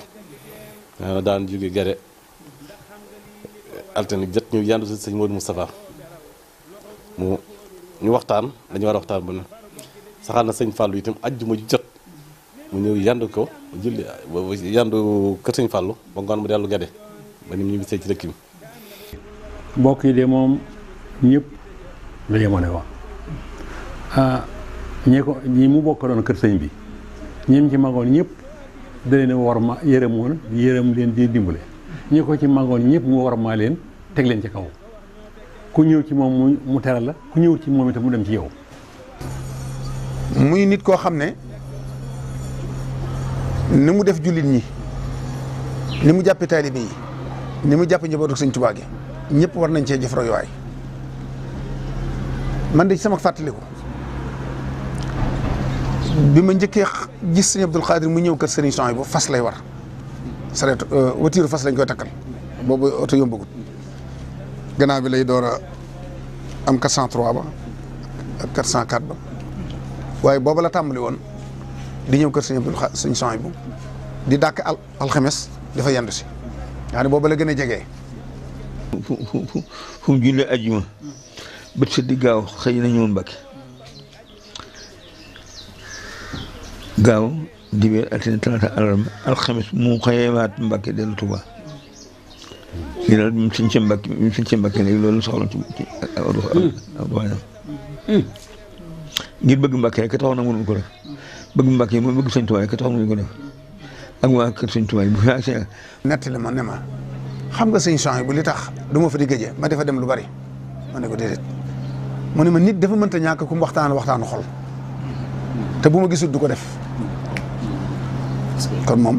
daan jóge gere altine jot ñu yandu si sëñ Modou Moustapha mu ñu waxtaan dañu war a waxtaan bu ne saxaar na sëñ Fallou itam ajjuma ju mu ñëw yandu ko julli yandu kër sëñ Fallou ba ngoon mu dellu gade ba ni mu ñibbisee ci dëkk bi mbokk de moom ñëpp lu yemoon wax ah ko ñi mu bokk doon kër sañ bi ñim ci magoon ñëpp da leen war ma yërëm yërëm leen di dimbale ñi ko ci màngoon ñëpp mu war maa leen teg leen ci kaw ku ñëw ci moom mu teral la ku ñëw ci moom itam mu dem ci yow. muy nit koo xam ne ni mu def jullit ñi ni mu jàppee taalibe yi ni mu jàpp njabootu Sëñ Tuubaa gi ñëpp war nañ cee jëf royuwaay man de sama fàttaliku bi ma njëkkee gis Sëñ Abdul Xaadir mu ñëw kër Sëriñ Son bu fas lay war. sareet euh, watiiru fas lañ koy takkal boobu oto yombagut gannaaw lay door am 403 ba ak 404 ba waaye booba la tàmbali woon di ñëw kër sëñ Abdul sëñ Soñ bu di dàkk al alxames dafa yendu si yaa ne booba la gën a jegee fu fu fu mu jullee ajuma bët sa di gaaw xëy na ba Mbàkke gaaw dibéer altine talaata alarba alxames mu xëyewaat Mbàkke dellu Tuuba lii daal mu suñ ca Mbàkke mu suñ ca Mbàkke léegi loolu soxla ci ci aw doxaanam ngir bëgg Mbàkke rek taxoon na mënuñ ko def bëgg Mbàkke mooy bëgg Sëñ Tuubaa rek taxoon mënuñ ko def ak waa kër Sëñ Tuubaa bu fi àgg nett la ma ne ma xam nga sëñ Chang bu li tax du ma fa di gëjee ma dafa dem lu bari ma ne ko déedéet mu ne ma nit dafa mënta ñàkk ku mu waxtaan waxtaanu xol te bu ma gisul du ko def kon moom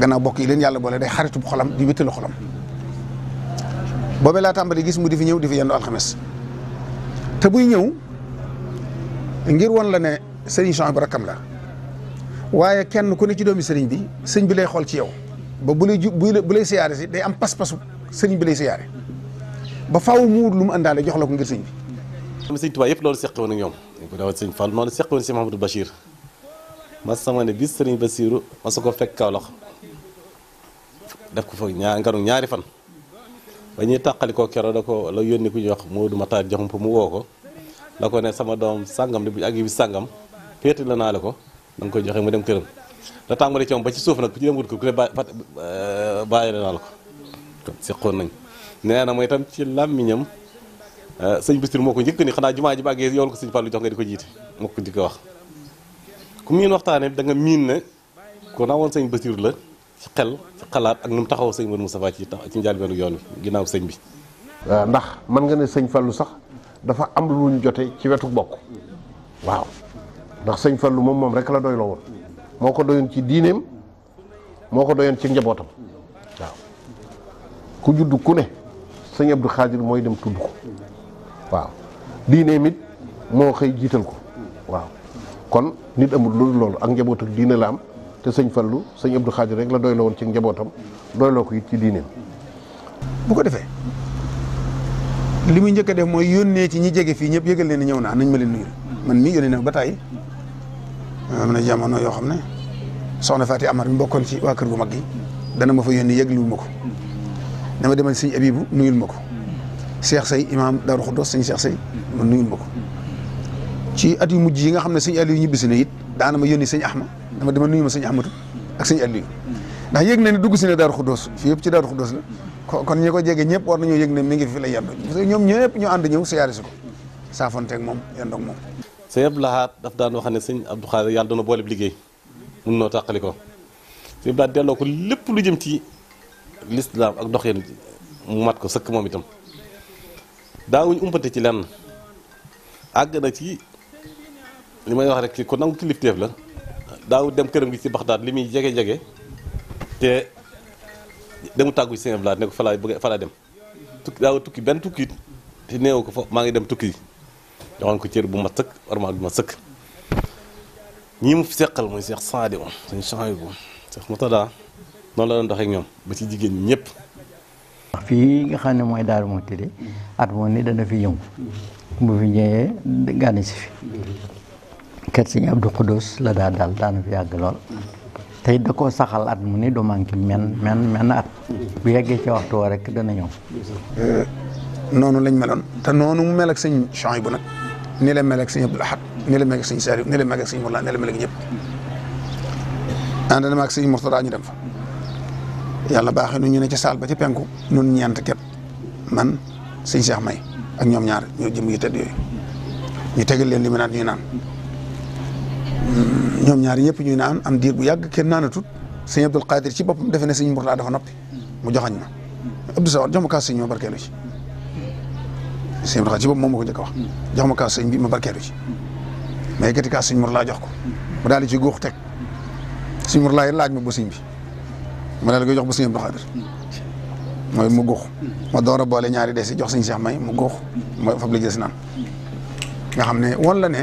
gannaaw bokk yi leen yàlla boole day xaritu xolam di wéttalu xolam boobee laa tàmbali gis mu di fi ñëw di fi yendu alxames te buy ñëw ngir won la ne sëriñ Cheikh bi rakkam la waaye kenn ku ne ci doomi sëriñ bi sëñ bi lay xool ci yow ba bu lay ju bu lay siyaare si day am pas-pasu sëriñ bi lay siyaare ba faaw mu wut lu mu àndaale jox la ko ngir sëñ bi. xam nga sëñ Tuubaa yëpp loolu seqewoon ak ñoom dañ ko daaw sëñ Fall moo la seqewoon mas sama ne bis ba Basiiru ma su ko fekk Kaolack def ko fa ñaar ngaru ñaari fan ba ñuy tàqali ko kero da ko la yónni ku ñuy wax Moodu Mataar joxum mu woo ko la ko sama doom sàngam di bu ak bi sàngam féeti la naa la ko danga koy joxe mu dem këram da tàmbali ci moom ba ci suuf nag ku ci dem wut ko ku ne euh, bàyyi la naa la ko seqoon nañ nee na mooy tam ci làmmiñam euh, sëñ Basiiru moo ko njëkk ni xanaa jumaa ji bàggee yoolu ko sëñ Fallu jox nga di ko jiite moo ko njëkk wax ku miin waxtaanee da nga miin ne ku nawoon sëñ Basiiru la ci xel ci xalaat ak nu mu taxaw sëñ Mor Moustapha ci tax ci njëlbeenu yoon wi ginnaaw sëñ bi. ndax mën nga ne sëñ Fallou sax dafa am lu ñu jote ci wetu bokk waaw ndax sëñ Fallou moom moom rek la doy loo woon moo ko doyoon ci diineem moo ko doyoon ci njabootam waaw ku judd ku ne sëñ Abdou Khadir mooy dem tudd ko waaw diineem it moo xëy jiital ko. kon nit amul loolu loolu ak njaboot ak diine la am te sëñ Fallu sëñ Abdou xaaj rek la doyloo woon ci njabootam doyloo ko it ci diineem. bu ko defee li muy njëkk a def mooy yónnee ci ñi jege fii ñëpp yëgal leen ni ñëw naa nañ ma leen nuyu man mii yónnee na ba tàyyi am na jamono yoo xam ne soxna Faati Amar mi bokkoon ci waa kër gu mag gi dana ma fa yónnee yëgluwul ma ko dama demal sëñ Abibu nuyul ma ko Cheikh Sey imaam Daaru Xuddoos sëñ Cheikh Sey ma nuyul ma ko. ci at yu mujj yi nga xam ne sëñ Aliou ñibbisi na it daana ma yónni sëñ Axma dama dama nuyu ma sëñ Axmatu ak sëñ Aliou ndax yëg na ne dugg si ne Daaru Xuddoos fii yëpp ci Daaru Xuddoos la kon ñi ko jege ñëpp war nañoo yëg ne mi ngi fi la yendu parce que ñoom ñëpp ñu ànd ñëw siyaare si ko saafonteeg moom yendoog moom sëñ Abdou ne sëñ Abdou Khadre yàlla doona boole liggéey mun noo tàqali ko sëñ Abdou Lahad delloo ko lépp lu jëm ci lislaam ak doxeen mu mat ko sëkk moom itam daawuñ umpante ci lenn àgg ci li may wax rek ki ku nangu kilifteef la daaw dem këram gi ci Baxdaad li muy jege jege te demu tàggu Sëñ Abdou Lahad ne ko fa bëgg fa dem tukki daaw tukki benn tukki it te néew ko fa maa ngi dem tukki yi joxoon ko ma sëkk warmaa ma sëkk ñi mu seqal mooy Cheikh Sadio suñu changement Cheikh Moutada noonu la doon doxee ñoom ba ci jigéen ñi ñëpp. fii nga xam ne mooy Darou Mouhty at moom ni dana fi yëngu bu fi ñëwee gànna fi. ket kër sëñ Abdou Khoudous la daa daal daana fi yàgg lool te it da koo saxal at mu ni du manqué men men men at bu yeggee ci waxtu woo rek dana ñëw euh, noonu lañ meloon te noonu mu mel ak sëñ Chouaïbou nag ni la mel ak sëñ Abdou Lahad ni la mel ak sëñ Saliou ni la mel ak sëñ Mourlan ni la mel ak ñëpp ànd na sëñ Mourtada ñu dem fa yàlla baax nu ñu ne ca saal ba ci penku nun ñeent ket man sëñ Cheikh May ak ñoom ñaar ñoo jëm yu tedd yooyu ñu tegal leen li mu naan ñuy naan ñoom ñaari ñëpp ñuy naan am diir bu yàgg kenn naanatut sëñ Abdul Qadir ci boppam defe ne sëñ Mourtada dafa noppi mu joxañ ma Abdou Sawar jox ma kaas sëñ ma barkeelu ci Abdul Qadir moom moo ko njëkk a jox ma kaas sëñ bi ma barkeelu ci ma yëkkati kaas sëñ Mourtada jox ko mu daal di ci góox teg sëñ Mourtada laaj ma ba sëñ bi ma daal di koy jox ba sëñ Abdul Qadir mooy mu góox ma door a boole ñaari si jox sëñ Cheikh may mu góox mooy fab la jël si naan nga xam ne la ne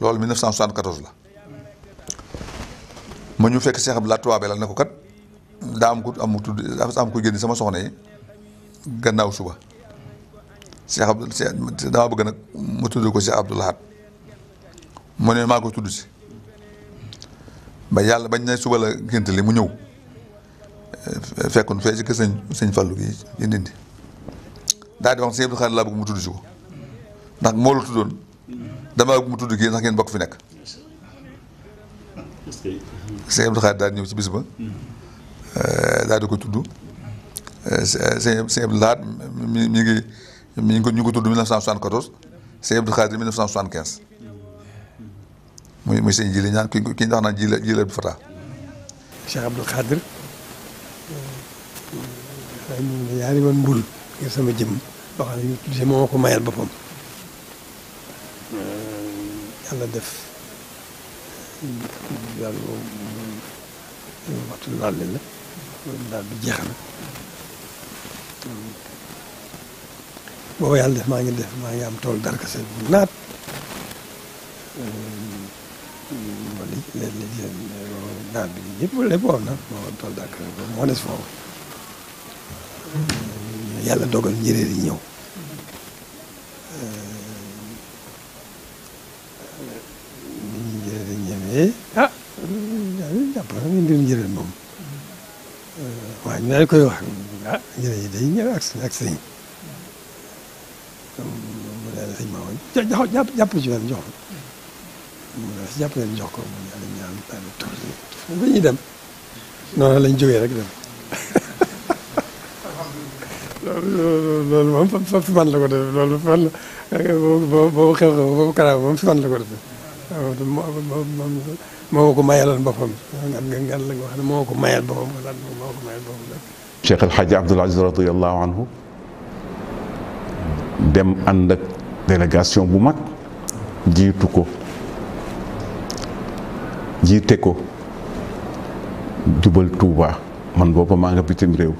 loolu 1974 la ma ñu fekk Cheikh Abdoulaye Touba la ne ko kat daa am ku am am ku génn sama soxna yi gannaaw suba Cheikh Abdou damaa bëgg nag ma tudd ko Cheikh Abdoul Ahad mu ne maa ko tudd si ba yàlla bañ ne suba la gént li mu ñëw fekkun fee ci kër sëñ sëñ Fallou gi yi ndindi daal wax sëñ Abdou Khadre laa bëgg mu tudd si ko ndax moo la tuddoon damaa mu tudd kii sax ngeen bokk fi nekk. sëñ Abdou Khadre daal ñëw ci bis euh, daal di ko tudd. Euh, euh, sëñ sëñ Abdou mi ngi mi ko ñu tudd 1974. sëñ Abdou Khadre 1975. muy muy sëñ Jili ñaan ki ki ñu wax naan Jili Jili Abdou Fatah. Cheikh Abdou Khadre. waaye mbul ngir sama jëm moom moo ko boppam. yàlla def yàlla waxtu naal daal bi jeex na yàlla def maa ngi def maa ngi am tool darkase bu naat wala léeg-léeg naat bi ñëpp lépp woon moo tool foofu yàlla dogal njëréer yi ñëw de ah daal di jàpp na ngeen doon njëriñ moom waaye ñu daal koy wax ah njëriñ yi day ñëw ak ak sëñ mu daal sëñ ma woon jàpp jàpp ci wàllum jox ko mu daal si jàpp leen jox ko mu daal di ñaan daal di tuur ba ñuy dem noonu lañ jógee rek dem loolu moom fa fi man la ko def loolu fan la boobu boobu xew-xew boobu karaw moom fi man la ko def موكو مايل بفهم موكو مايل بفهم موكو مايل بفهم شيخ الحاج عبد العزيز رضي الله عنه دم عندك ديليغاسيون بو ماك جيتوكو جيتيكو دوبل توبا من بابا ماغا بيتيم ريو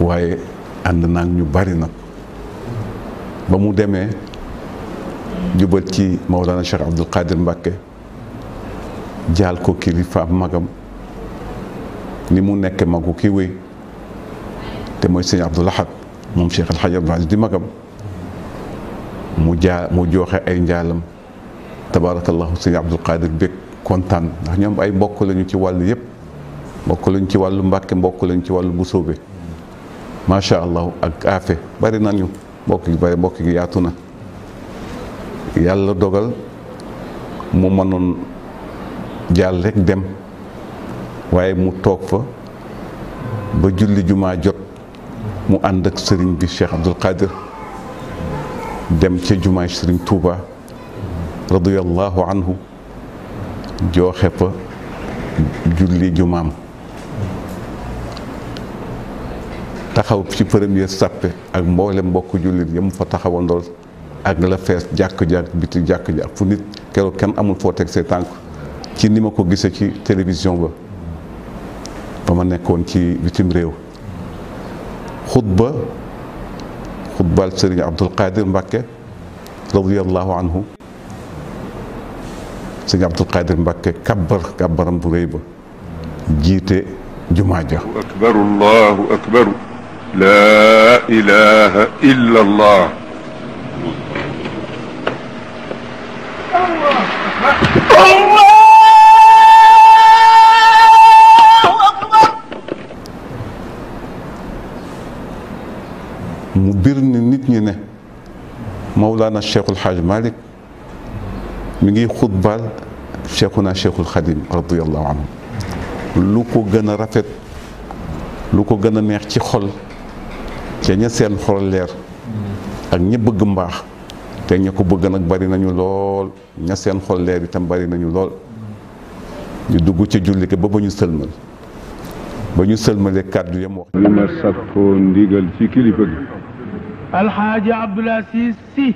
واي عندنا نيو بارينا بامو ديمي jubal ci Mawlana Cheikh Abdoul Qadir mbakke jaal ko kii kilifa magam ni mu nekke magu kii wéy te mooy sëñ Abdoul Ahad moom Cheikh El Hadj Abdoul Aziz di magam mu jaa mu jooxe ay njaalam tabaarakallahu sëñ Abdoul Qadir bég kontaan ndax ñoom ay mbokk lañu ci wàll yëpp mbokk lañu ci wàllu mbakke mbokk lañu ci wàllu Busoobe macha allah ak afe bari nañu mbokk gi bari mbokk gi yaatu na. yàlla dogal mu mënoon jàll rekk dem waaye mu toog fa ba julli jumaa jot mu ànd ak sëriñ bi Cheikh Abdul Qadir dem ca jumaay sëriñ Touba radiyallahu anhu jooxe fa julli jumaam taxaw ci première sàppe ak mboolem mbokk jullit yam fa taxawandool ak la fees jàkk-jàkk biti jàkk-jàkk fu nit keroog kenn amul foo teg see tànk ci ni ma ko gisee ci télévision ba ba ma nekkoon ci bitim réew xutba xutbaal sëriñ Abdul Qadir Mbàkke radiallahu anhu sëriñ Abdul Qadir Mbàkke kabbar kabbaram ba jiite jumaa ja akbar allahu akbar la ilaha نتنينا مولانا الشيخ الحاج مالك مجي خطبال شيخنا الشيخ الخادم رضي الله عنه لوكو غنى رفت لوكو غنى نيخ تي خول تي ني سين خول لير اك ني بغ مباخ تي نيكو بغ نك بري نانيو لول ني سين خول لير تام بري نانيو لول ني دوغو تي جولي كي با بانيو سلمال با نيو سلمال كادو يم وخ ما سابو ندغال الحاج عبد العزيز سي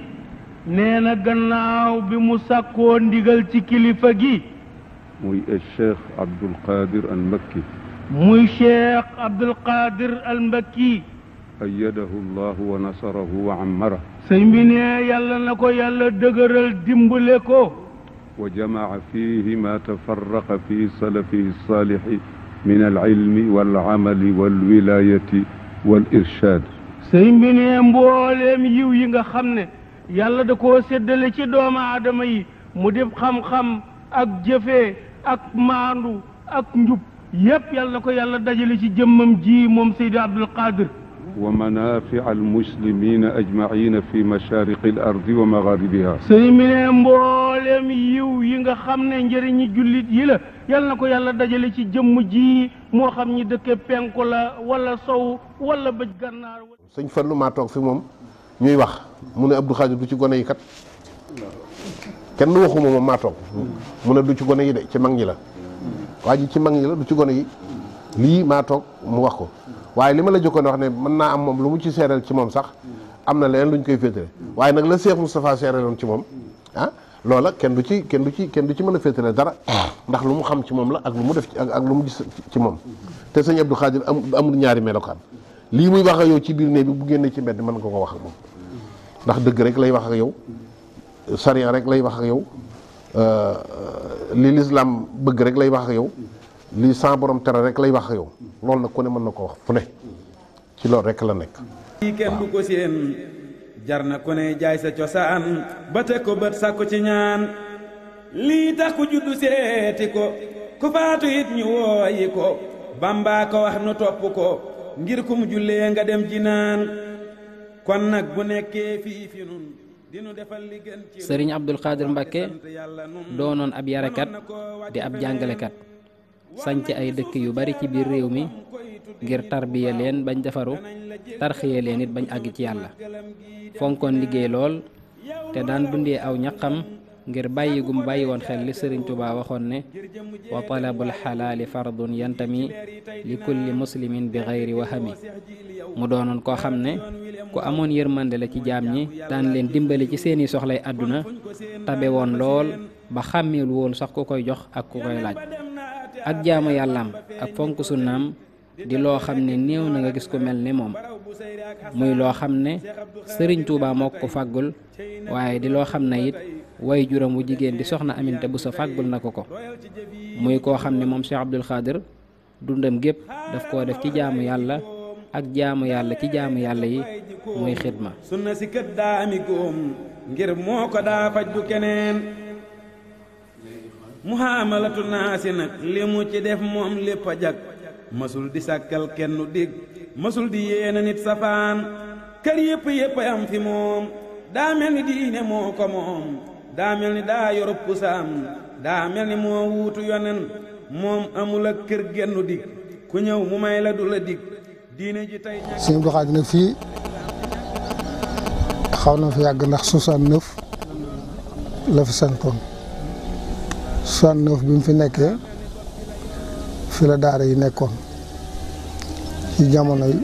نينا غناو بمسكو ندغال سي كليفا جي موي الشيخ عبد القادر المكي موي الشيخ عبد القادر المكي أيده الله ونصره وعمره سيمبيني يلا نكو يلا دغرل ديمبليكو وجمع فيه ما تفرق في سلفه الصالح من العلم والعمل والولاية والإرشاد sëriñ bi mbooleem yiw yi nga xam ne yàlla di koo séddale ci doomu aadama yi mu def xam-xam ak jëfee ak maandu ak njub yépp yàlla ko yàlla dajale ci jëmmam ji moom Seydi Abdul Qadir ومنافع المسلمين اجمعين في مشارق الارض ومغاربها سيمي مبولم يو ييغا خامني نجرني جوليت يلا يال نكو يالا داجالي سي جيم جي مو خامني دك ولا سو ولا بج غنار سيغ في موم ني مون عبد الخالق دو سي غوناي مون دو سي غوناي دي سي لي ما توك waaye li ma la jëkkoon wax ne mën naa am moom lu mu ci seeral ci moom sax am na leneen lu ñu koy féetale waaye nag la Cheikh Moustapha seeraloon ci moom ah loola kenn du ci kenn du ci kenn du ci mën a féetale dara ndax lu mu xam ci moom la ak lu mu def ak lu mu gis ci moom te sëñ Abdou Khadir amul ñaari melokaan lii muy wax ak yow ci biir néeg bi bu génnee ci mbedd mën nga ko wax ak moom ndax dëgg rek lay wax ak yow sariya rek lay wax ak yow euh, li lislaam bëgg rek lay wax ak yow lii sa borom tere rek lay wax yow loolu nag ku ne mën na ko wax fu ne ci loolu rek la nekk. kii kenn ko seen jar na ku ne jaay sa cosaan ba teg ko bët sàkku ci ñaan lii tax ku juddu seeti ko ku faatu it ñu wooyi ko bambaa ko wax nu topp ko ngir ku mu jullee nga dem ji naan kon nag bu nekkee fii fi nun sëriñ Abdul Xaadir Mbàkke doonoon ab yarakat di ab jàngalekat sanc ay dëkk yu bari ci biir réew mi ngir tarbiya leen bañ defaru tarxiya leen it bañ àgg ci yàlla fonkoon liggéey lool te daan dundee aw ñaqam ngir bàyyi gum bàyyi woon xel li sëriñ Tuubaa waxoon ne wa talabul xalaali fardun yantami li kulli muslimin bi xayri wahami mu doonoon koo xam ne ku amoon yërmande la ci jaam ñi daan leen dimbali ci seeni soxlay àdduna tabe woon lool ba xàmmeelu woon sax ku koy jox ak ku koy laaj ak jaamu yàllaam ak fonk sunnaam di loo xam ne néew na nga gis ku mel ni moom muy loo xam ne sëriñ Touba moo ko fàggul waaye di loo xam ne it way juram wu jigéen di soxna aminte bu sa fàggul na ko ko muy koo xam ne moom Cheikh Abdoul Khadir dundam gépp daf koo def ci jaamu yàlla ak jaamu yàlla ci jaamu yàlla yi muy xidma muhaamalatu naasi nag li mu ci def moom lépp a jag masul di sàkkal kenn dig masul di yéena nit safaan kër yépp yépp am fi moom daa mel ni diine moo ko moom daa mel ni daa yorub kusaam daa mel ni moo wuutu yonen moom amul ak kër gennu dig ku ñëw mu may la du la dig diine ji tey sëñ Abdou Khadre nag fii xaw na fi yàgg ndax 69 la fi santoon soixante-neuf bi mu fi nekkee fi la yi nekkoon ci jamono yi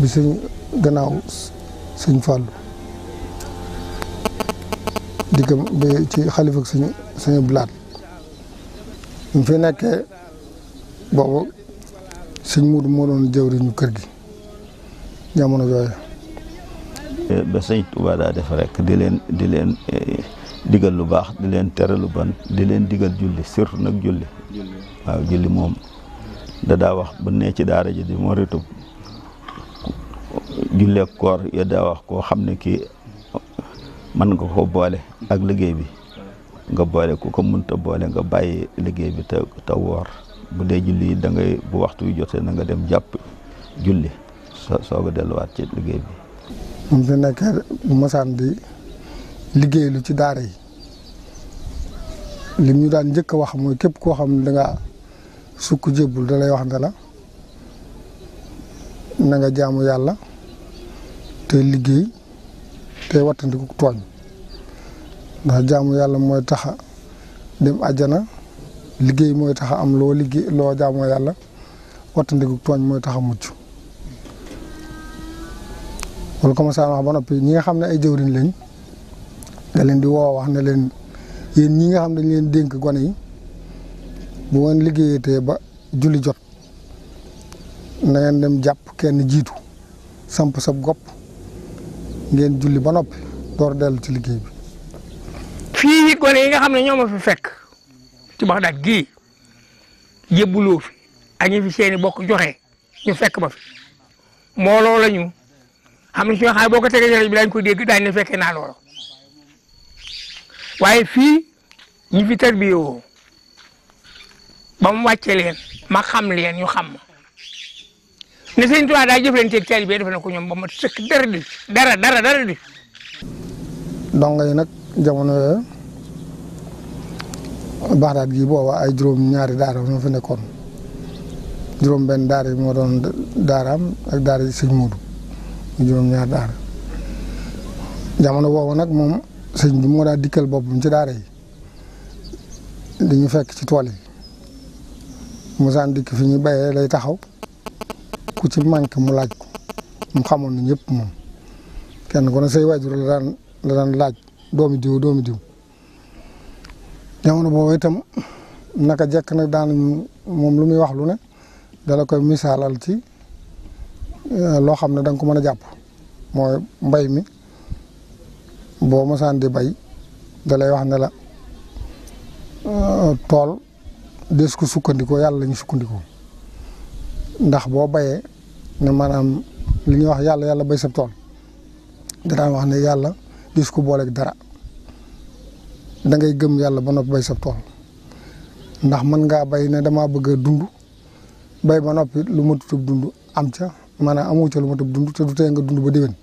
bi sëñ gannaaw suñ Fàllu diggam bi ci xalifa ak sëñ sëñ blaat mu fi nekkee boobu sëñ Muudu moo doon jëwriñu kër gi jamono jooju ba sëñ Tuubaa daa def rek di leen di leen eh, digal lu baax di len téré lu ban di len digal julli sirr nak julli waaw julli mom da da wax bu ne ci daara ji di retu julle koor ya da wax ko xamne ki man nga ko boole ak liggey bi nga boole ku ko munta boole nga baye liggey bi te te wor bu de julli da ngay bu waxtu yu jotté nga dem japp julli so ga delu wat ci liggey bi. mu fi nekk di liggéeylu ci daara yi lim ñu daan njëkk wax mooy képp koo xam da nga sukk jébbul da lay wax ne la na nga jaamu yàlla te liggéey te wattandiku tooñ ndax jaamu yàlla mooy taxa dem àjjana liggéey mooy taxa am loo liggéey loo jaamoo yàlla wattandiku tooñ mooy tax mucc wala commencé wax ba noppi ñi nga xam ne ay jëwriñ lañu dalen di wo wax na len yeen ñi nga xam dañ leen denk gone yi bu won liggeyete ba julli jot na ngeen dem japp kenn jitu samp sab gop ngeen julli ba nopi dor dellu ci liggey bi fii gone yi nga xam ne ñoma fi fekk ci Baxdaad gi yebulo fi ak ñu fi seeni bokk joxe ñu fekk ba fi mbooloo lañu xam ne ci ñoo xam ne boo bi lañ ko deg dañ na fekke na waaye fii ñi fi tarbiye woo ba mu wàcce leen ma xam leen ñu xam ma ne sëñ Tuubaa daa jëflanteeg taalibe def na ko ñoom ba ma sëkk dara di dara dara dara di yi nag jamono yooyu baxdaat gi booba ay juróom ñaari daara ñoo fi nekkoon juróom benn daara moo doon daaraam ak daara yi sëñ juróom ñaari daara jamono boobu nag moom sëñ bi moo daal dikkal boppam ci daara yi dañu fekk ci tool yi musaan dikk fi ñu bayee lay taxaw ku ci manqué mu laaj ko mu xamoon na ñëpp moom kenn ku ne say waajur la daan la laaj doomi diw doomi diw jamono boobu itam naka jekk nag daan moom lu muy wax lu ne dala koy misaalal ci eh, loo xam ne da nga ko mën a jàpp mooy mbay mi boo mosaan di bay dalay wax na la euh, tol des ko sukkandikoo yalla la ñu sukkandikoo ndax bo baye ne manam li ñuy wax yalla yalla bay tol da danaa wax ne yalla des ko booleeg dara da ngay gëm yalla ba noppi bay sa tol ndax man nga bay ne dama bëgg dundu bay ba noppi lu mu tutub dundu am ca maanaam amu ca lu mu tutub dundu te du tee nga dundu ba déwén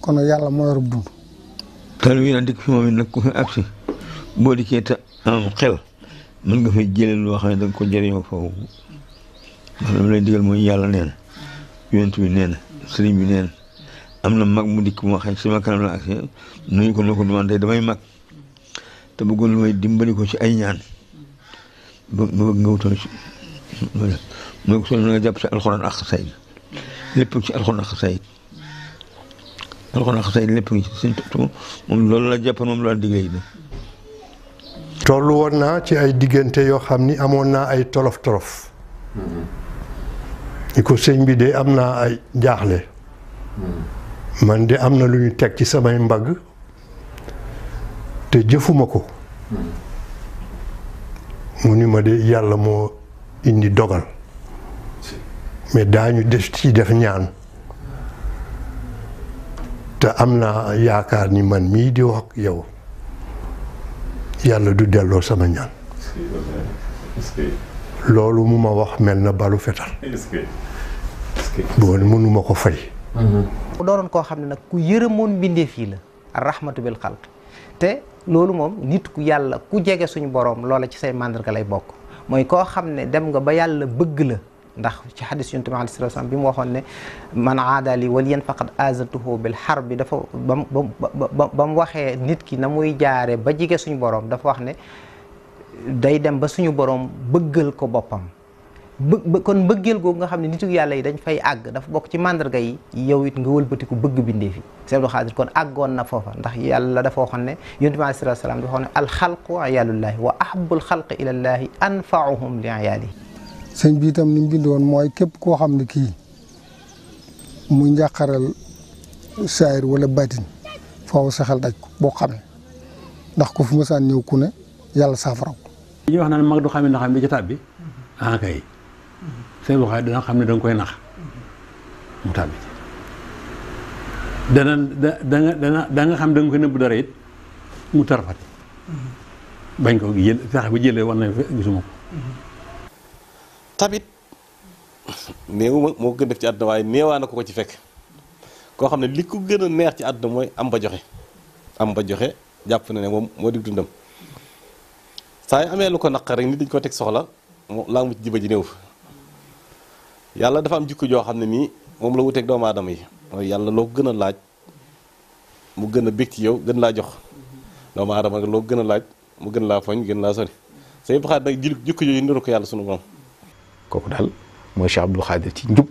kono yalla mo yorub dundu tal wi na dikk fi moom it nag ku fi agsi boo dikkee te am xel mën nga fa jëlee loo xam ne da nga ko jëriñoo foofu ndax li ma lay digal mooy yàlla nee na yonent bi nee sëriñ bi nee na am na mag mu dikk moo xam sama kanam la agsi nuyu ko noo ko demandé damay mag te bëggoon lu may dimbali ko ci ay ñaan ba ba nga wutoon ci loolu mooy ko soo nga jàpp ci alxuraan ak xasaayid lépp ci alxuraan ak xasaayid alxuraan xasida lépp ngi la jàppoon moom la tollu woon naa ci ay diggante yoo xam ni amoon naa ay tolof tolof ni ko sëñ bi de am naa ay jaaxle man de am na lu ñu teg ci samay mbagg te jëfuma ko mu ni ma de yàlla moo indi dogal mais daañu def ci def ñaan te amna yaakar ni man mi di wax yow yalla du delo sama ñaan lolu mu ma wax mel balu fetal bon nu mako fay hmm doonoon ko xam ne nag ku yërëmoon binde fi la rahmatu bil khalq te lolu mom nit ku yalla ku jégué suñu borom lolu ci say mandarga lay bok moy ko xamne dem nga ba yalla bëgg la ndax ci hadith yunus ta'ala sallallahu alayhi wasallam bimu mu ne man aada li waliyan faqad azatuhu bil harb dafa bam ba mu waxee nit ki namuy muy jaare ba jige suñu borom dafa wax ne day dem ba suñu borom beugal ko bopam kon beugel go nga xam nitu yàlla yi dañ fay ag dafa bok ci màndarga yi yow it nga wëlbatiku beug bindé fi seydou khadir kon agon na fofa ndax yàlla dafa waxoon ne ta'ala sallallahu alayhi wasallam dafa waxoon al khalqu ayalullah wa ahbul khalqi ila allah anfa'uhum li ayalihi sëñ bi itam ni mu bind woon mooy képp koo xam ne kii mu njàqaral saayir wala batin faaw sa xel daj ko boo xamee ndax ko fu masaan ñëw ku ne yàlla saafara ñuy wax naan mag du xam ne na bi ah kay sëñ waxaay dana xam ne danga koy nax mu tàbbi dana dana dana da xam da koy nëbb dara it mu tarfati mm-hmm. bañ ko jël sax bi jëlee war na gisuma tamit néewuma moo ko gën def ci àdduna waaye néewaa na ko ko ci fekk koo xam ne li ko gën a neex ci àdduna mooy am ba joxe am ba joxe jàpp na ne moom moo di dundam saa yu amee lu ko naq rek nit dañ ko teg soxla mu laa mu ci jiba ji néew yàlla dafa am jikko joo xam ne nii moom la wuteeg doomu aadama yi yàlla loo gën a laaj mu gën a bég ci yow gën laa jox doomu aadama loo gën a laaj mu gën laa foñ gën laa sori sa yëpp xaa nag jikko jooju niru ko yàlla sunu borom kooku daal mooy Cheikh Abdoul Khadir ci njub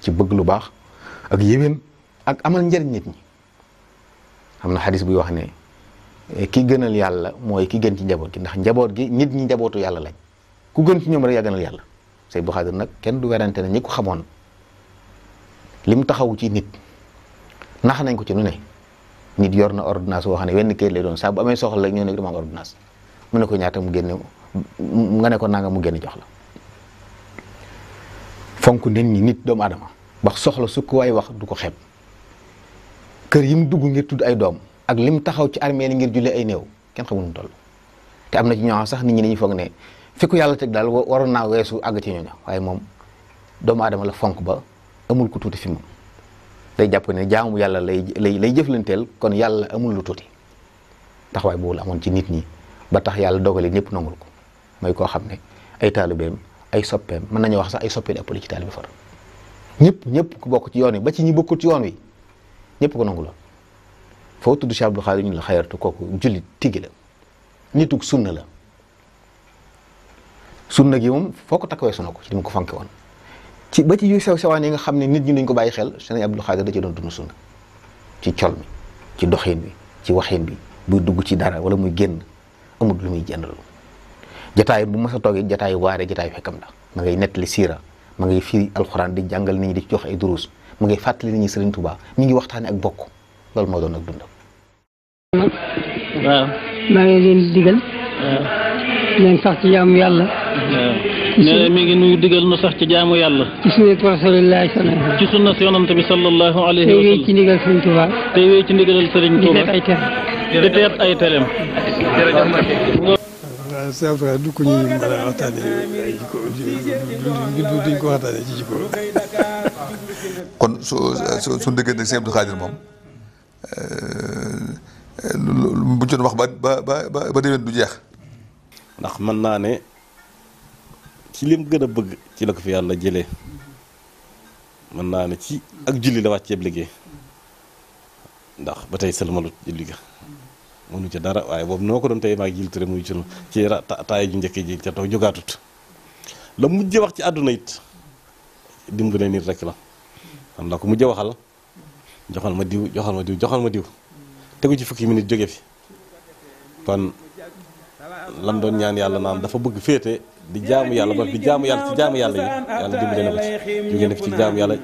ci bëgg lu baax ak yéwén ak amal njëriñ nit ñi xam na xadis buy wax ne ki gënal yàlla mooy ki gën ci njaboot gi ndax njaboot gi nit ñi njabootu yàlla lañ ku gën ci ñoom rek yaa gënal yàlla Cheikh Abdoul nag kenn du werante ne ñi ko xamoon lim taxaw ci nit nax nañ ko ci nu ne nit yor na ordonnance boo xam ne wenn kër lay doon saa bu amee soxla la ñoo ne dama am ordonnance mu ne ko ñaata mu génne nga ne ko nanga mu génne jox la fonk nit ñi nit doomu aadama wax soxla su ko waay wax du ko xeeb kër yi mu dugg ngir tudd ay doom ak lim taxaw ci armeel li ngir julli ay néew kenn xamul nu toll te am na ci ñoo sax ñi dañuy foog ne fi yàlla teg daal waroon naa weesu àgg ci ñooñu waaye moom doomu aadama la fonk ba amul ko tuuti fi moom day jàpp ne jaamu yàlla lay lay lay jëflanteel kon yàlla amul lu tuuti taxawaay boobu la amoon ci nit ñi ba tax yàlla dogali ñëpp nangul ko mooy koo xam ne ay taalu taalubeem ay soppem man nañ wax sax ay soppeem ëppale ci talib far ñepp ñepp ku bokk ci yoon wi ba ci ñi bokku ci yoon wi ñepp ko nangul fo tuddu Cheikh Abdou khadim la xeyartu koku julit tigi la nituk sunna la sunna gi mom foko ko sunna ko ci dim ko fanké won ci ba ci yu sew sewaan yi nga xamné nit ñi duñ ko bayyi xel Cheikh Abdou khadim da ci doon sunna ci ciol mi ci doxine bi ci waxine bi bu dugg ci dara wala muy genn amul lu muy jëndal jataay bu mas a toogee jataay waare jataay fekkam la ma ngay nettali siira ma ngay firi alxuraan di jàngal nit ñi di jox ay duruus ma ngay fàttali nit ñi Sëriñ Tuubaa mi ngi waxtaane bokk loolu moo doon ak dundam. sax ci jaamu yàlla. nee na ngi nuyu digal nu sax ci jaamu yàlla. ci sunnatu rasulillahi sallallahu ci sunnatu yonante bi sallallahu alayhi wa sallam. tey wéy ndigal Sëriñ Tuubaa. tey wéy ci ndigalal Sëriñ Tuubaa. di teet ay tereem. ndax Cheikh Abdou Khadre du ko ñu mën a waxtaanee ay jikko du ñu ko waxtaanee ci jikko kon su su suñu diggante ak Cheikh Abdou Khadre moom bu ñu doon wax ba ba ba ba déwén du jeex. ndax mën naa ne ci lim gën a bëgg ci la ko fi yàlla jëlee mën naa ne ci ak julli la wàcceeb liggéey ndax ba tey sëlmalut julli ga mënu ci dara waaye boobu noo ko doon tey maag jil tere muy cinu ci taay ju njëkk ji ca taw jógaatut la mujj wax ci àdduna it dimbale nit rek la man la ko mujj waxal joxal ma diw joxal ma diw joxal ma diw tegu ci fukki minute jóge fi kon lam doon ñaan yàlla naan dafa bëgg féete di jaamu yàlla ba di jaamu yàlla ci yàlla yi yàlla dimbale ci jóge yàlla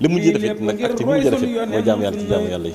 li mujjee def it nag ak ci mujjee jaamu yàlla ci jaamu yàlla yi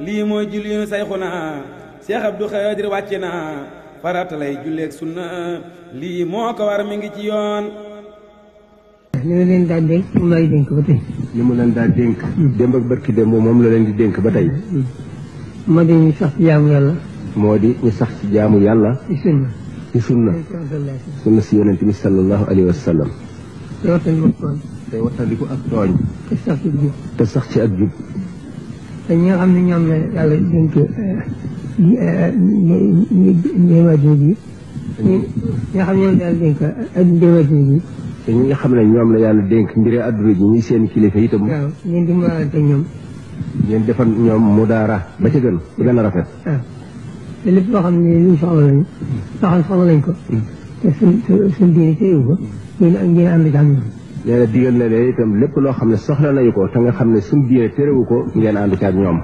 lii mooy julliinu sayxuna Cheikh Abdou Khadre wàcce na farata lay julleeg sunna lii moo ko war mi ngi ci yoon. ni mu leen daa dénk moom laay dénk ba tey. ni mu leen daa dénk. démb ak barki démb moom la leen di dénk ba tey. moo di ñu sax ci jaamu yàlla. moo di ñu sax ci jaamu yàlla. ci sunna. ci sunna. sunna si yonent bi sallallahu alayhi wa sallam. tey waxtaan ko ak tooñ. sax ci ak jub. te sax ci ak jub. ak euh, euh, euh, ñi nga xam ne ñoom la yàlla dénk ndéemadina bi nga xam ne ñoom la yàlla dénk ak ndéemadina bi te ñoom la yàlla dénk mbiri seen kilifa itam waaw ngeen di dimbalante ñoom ngeen defal mu daara ba ca gën bu gën a rafet waaw te lépp loo xam ne luñ soxla lañ loo ko mm. te suñ suñ diine téyewu ko ngeen ngeen ànd ci am ñoom nee na digal na leen lépp loo xam ne soxla nañu ko te nga xam ne suñu biir térewu ko ngeen ànd ci ñoom.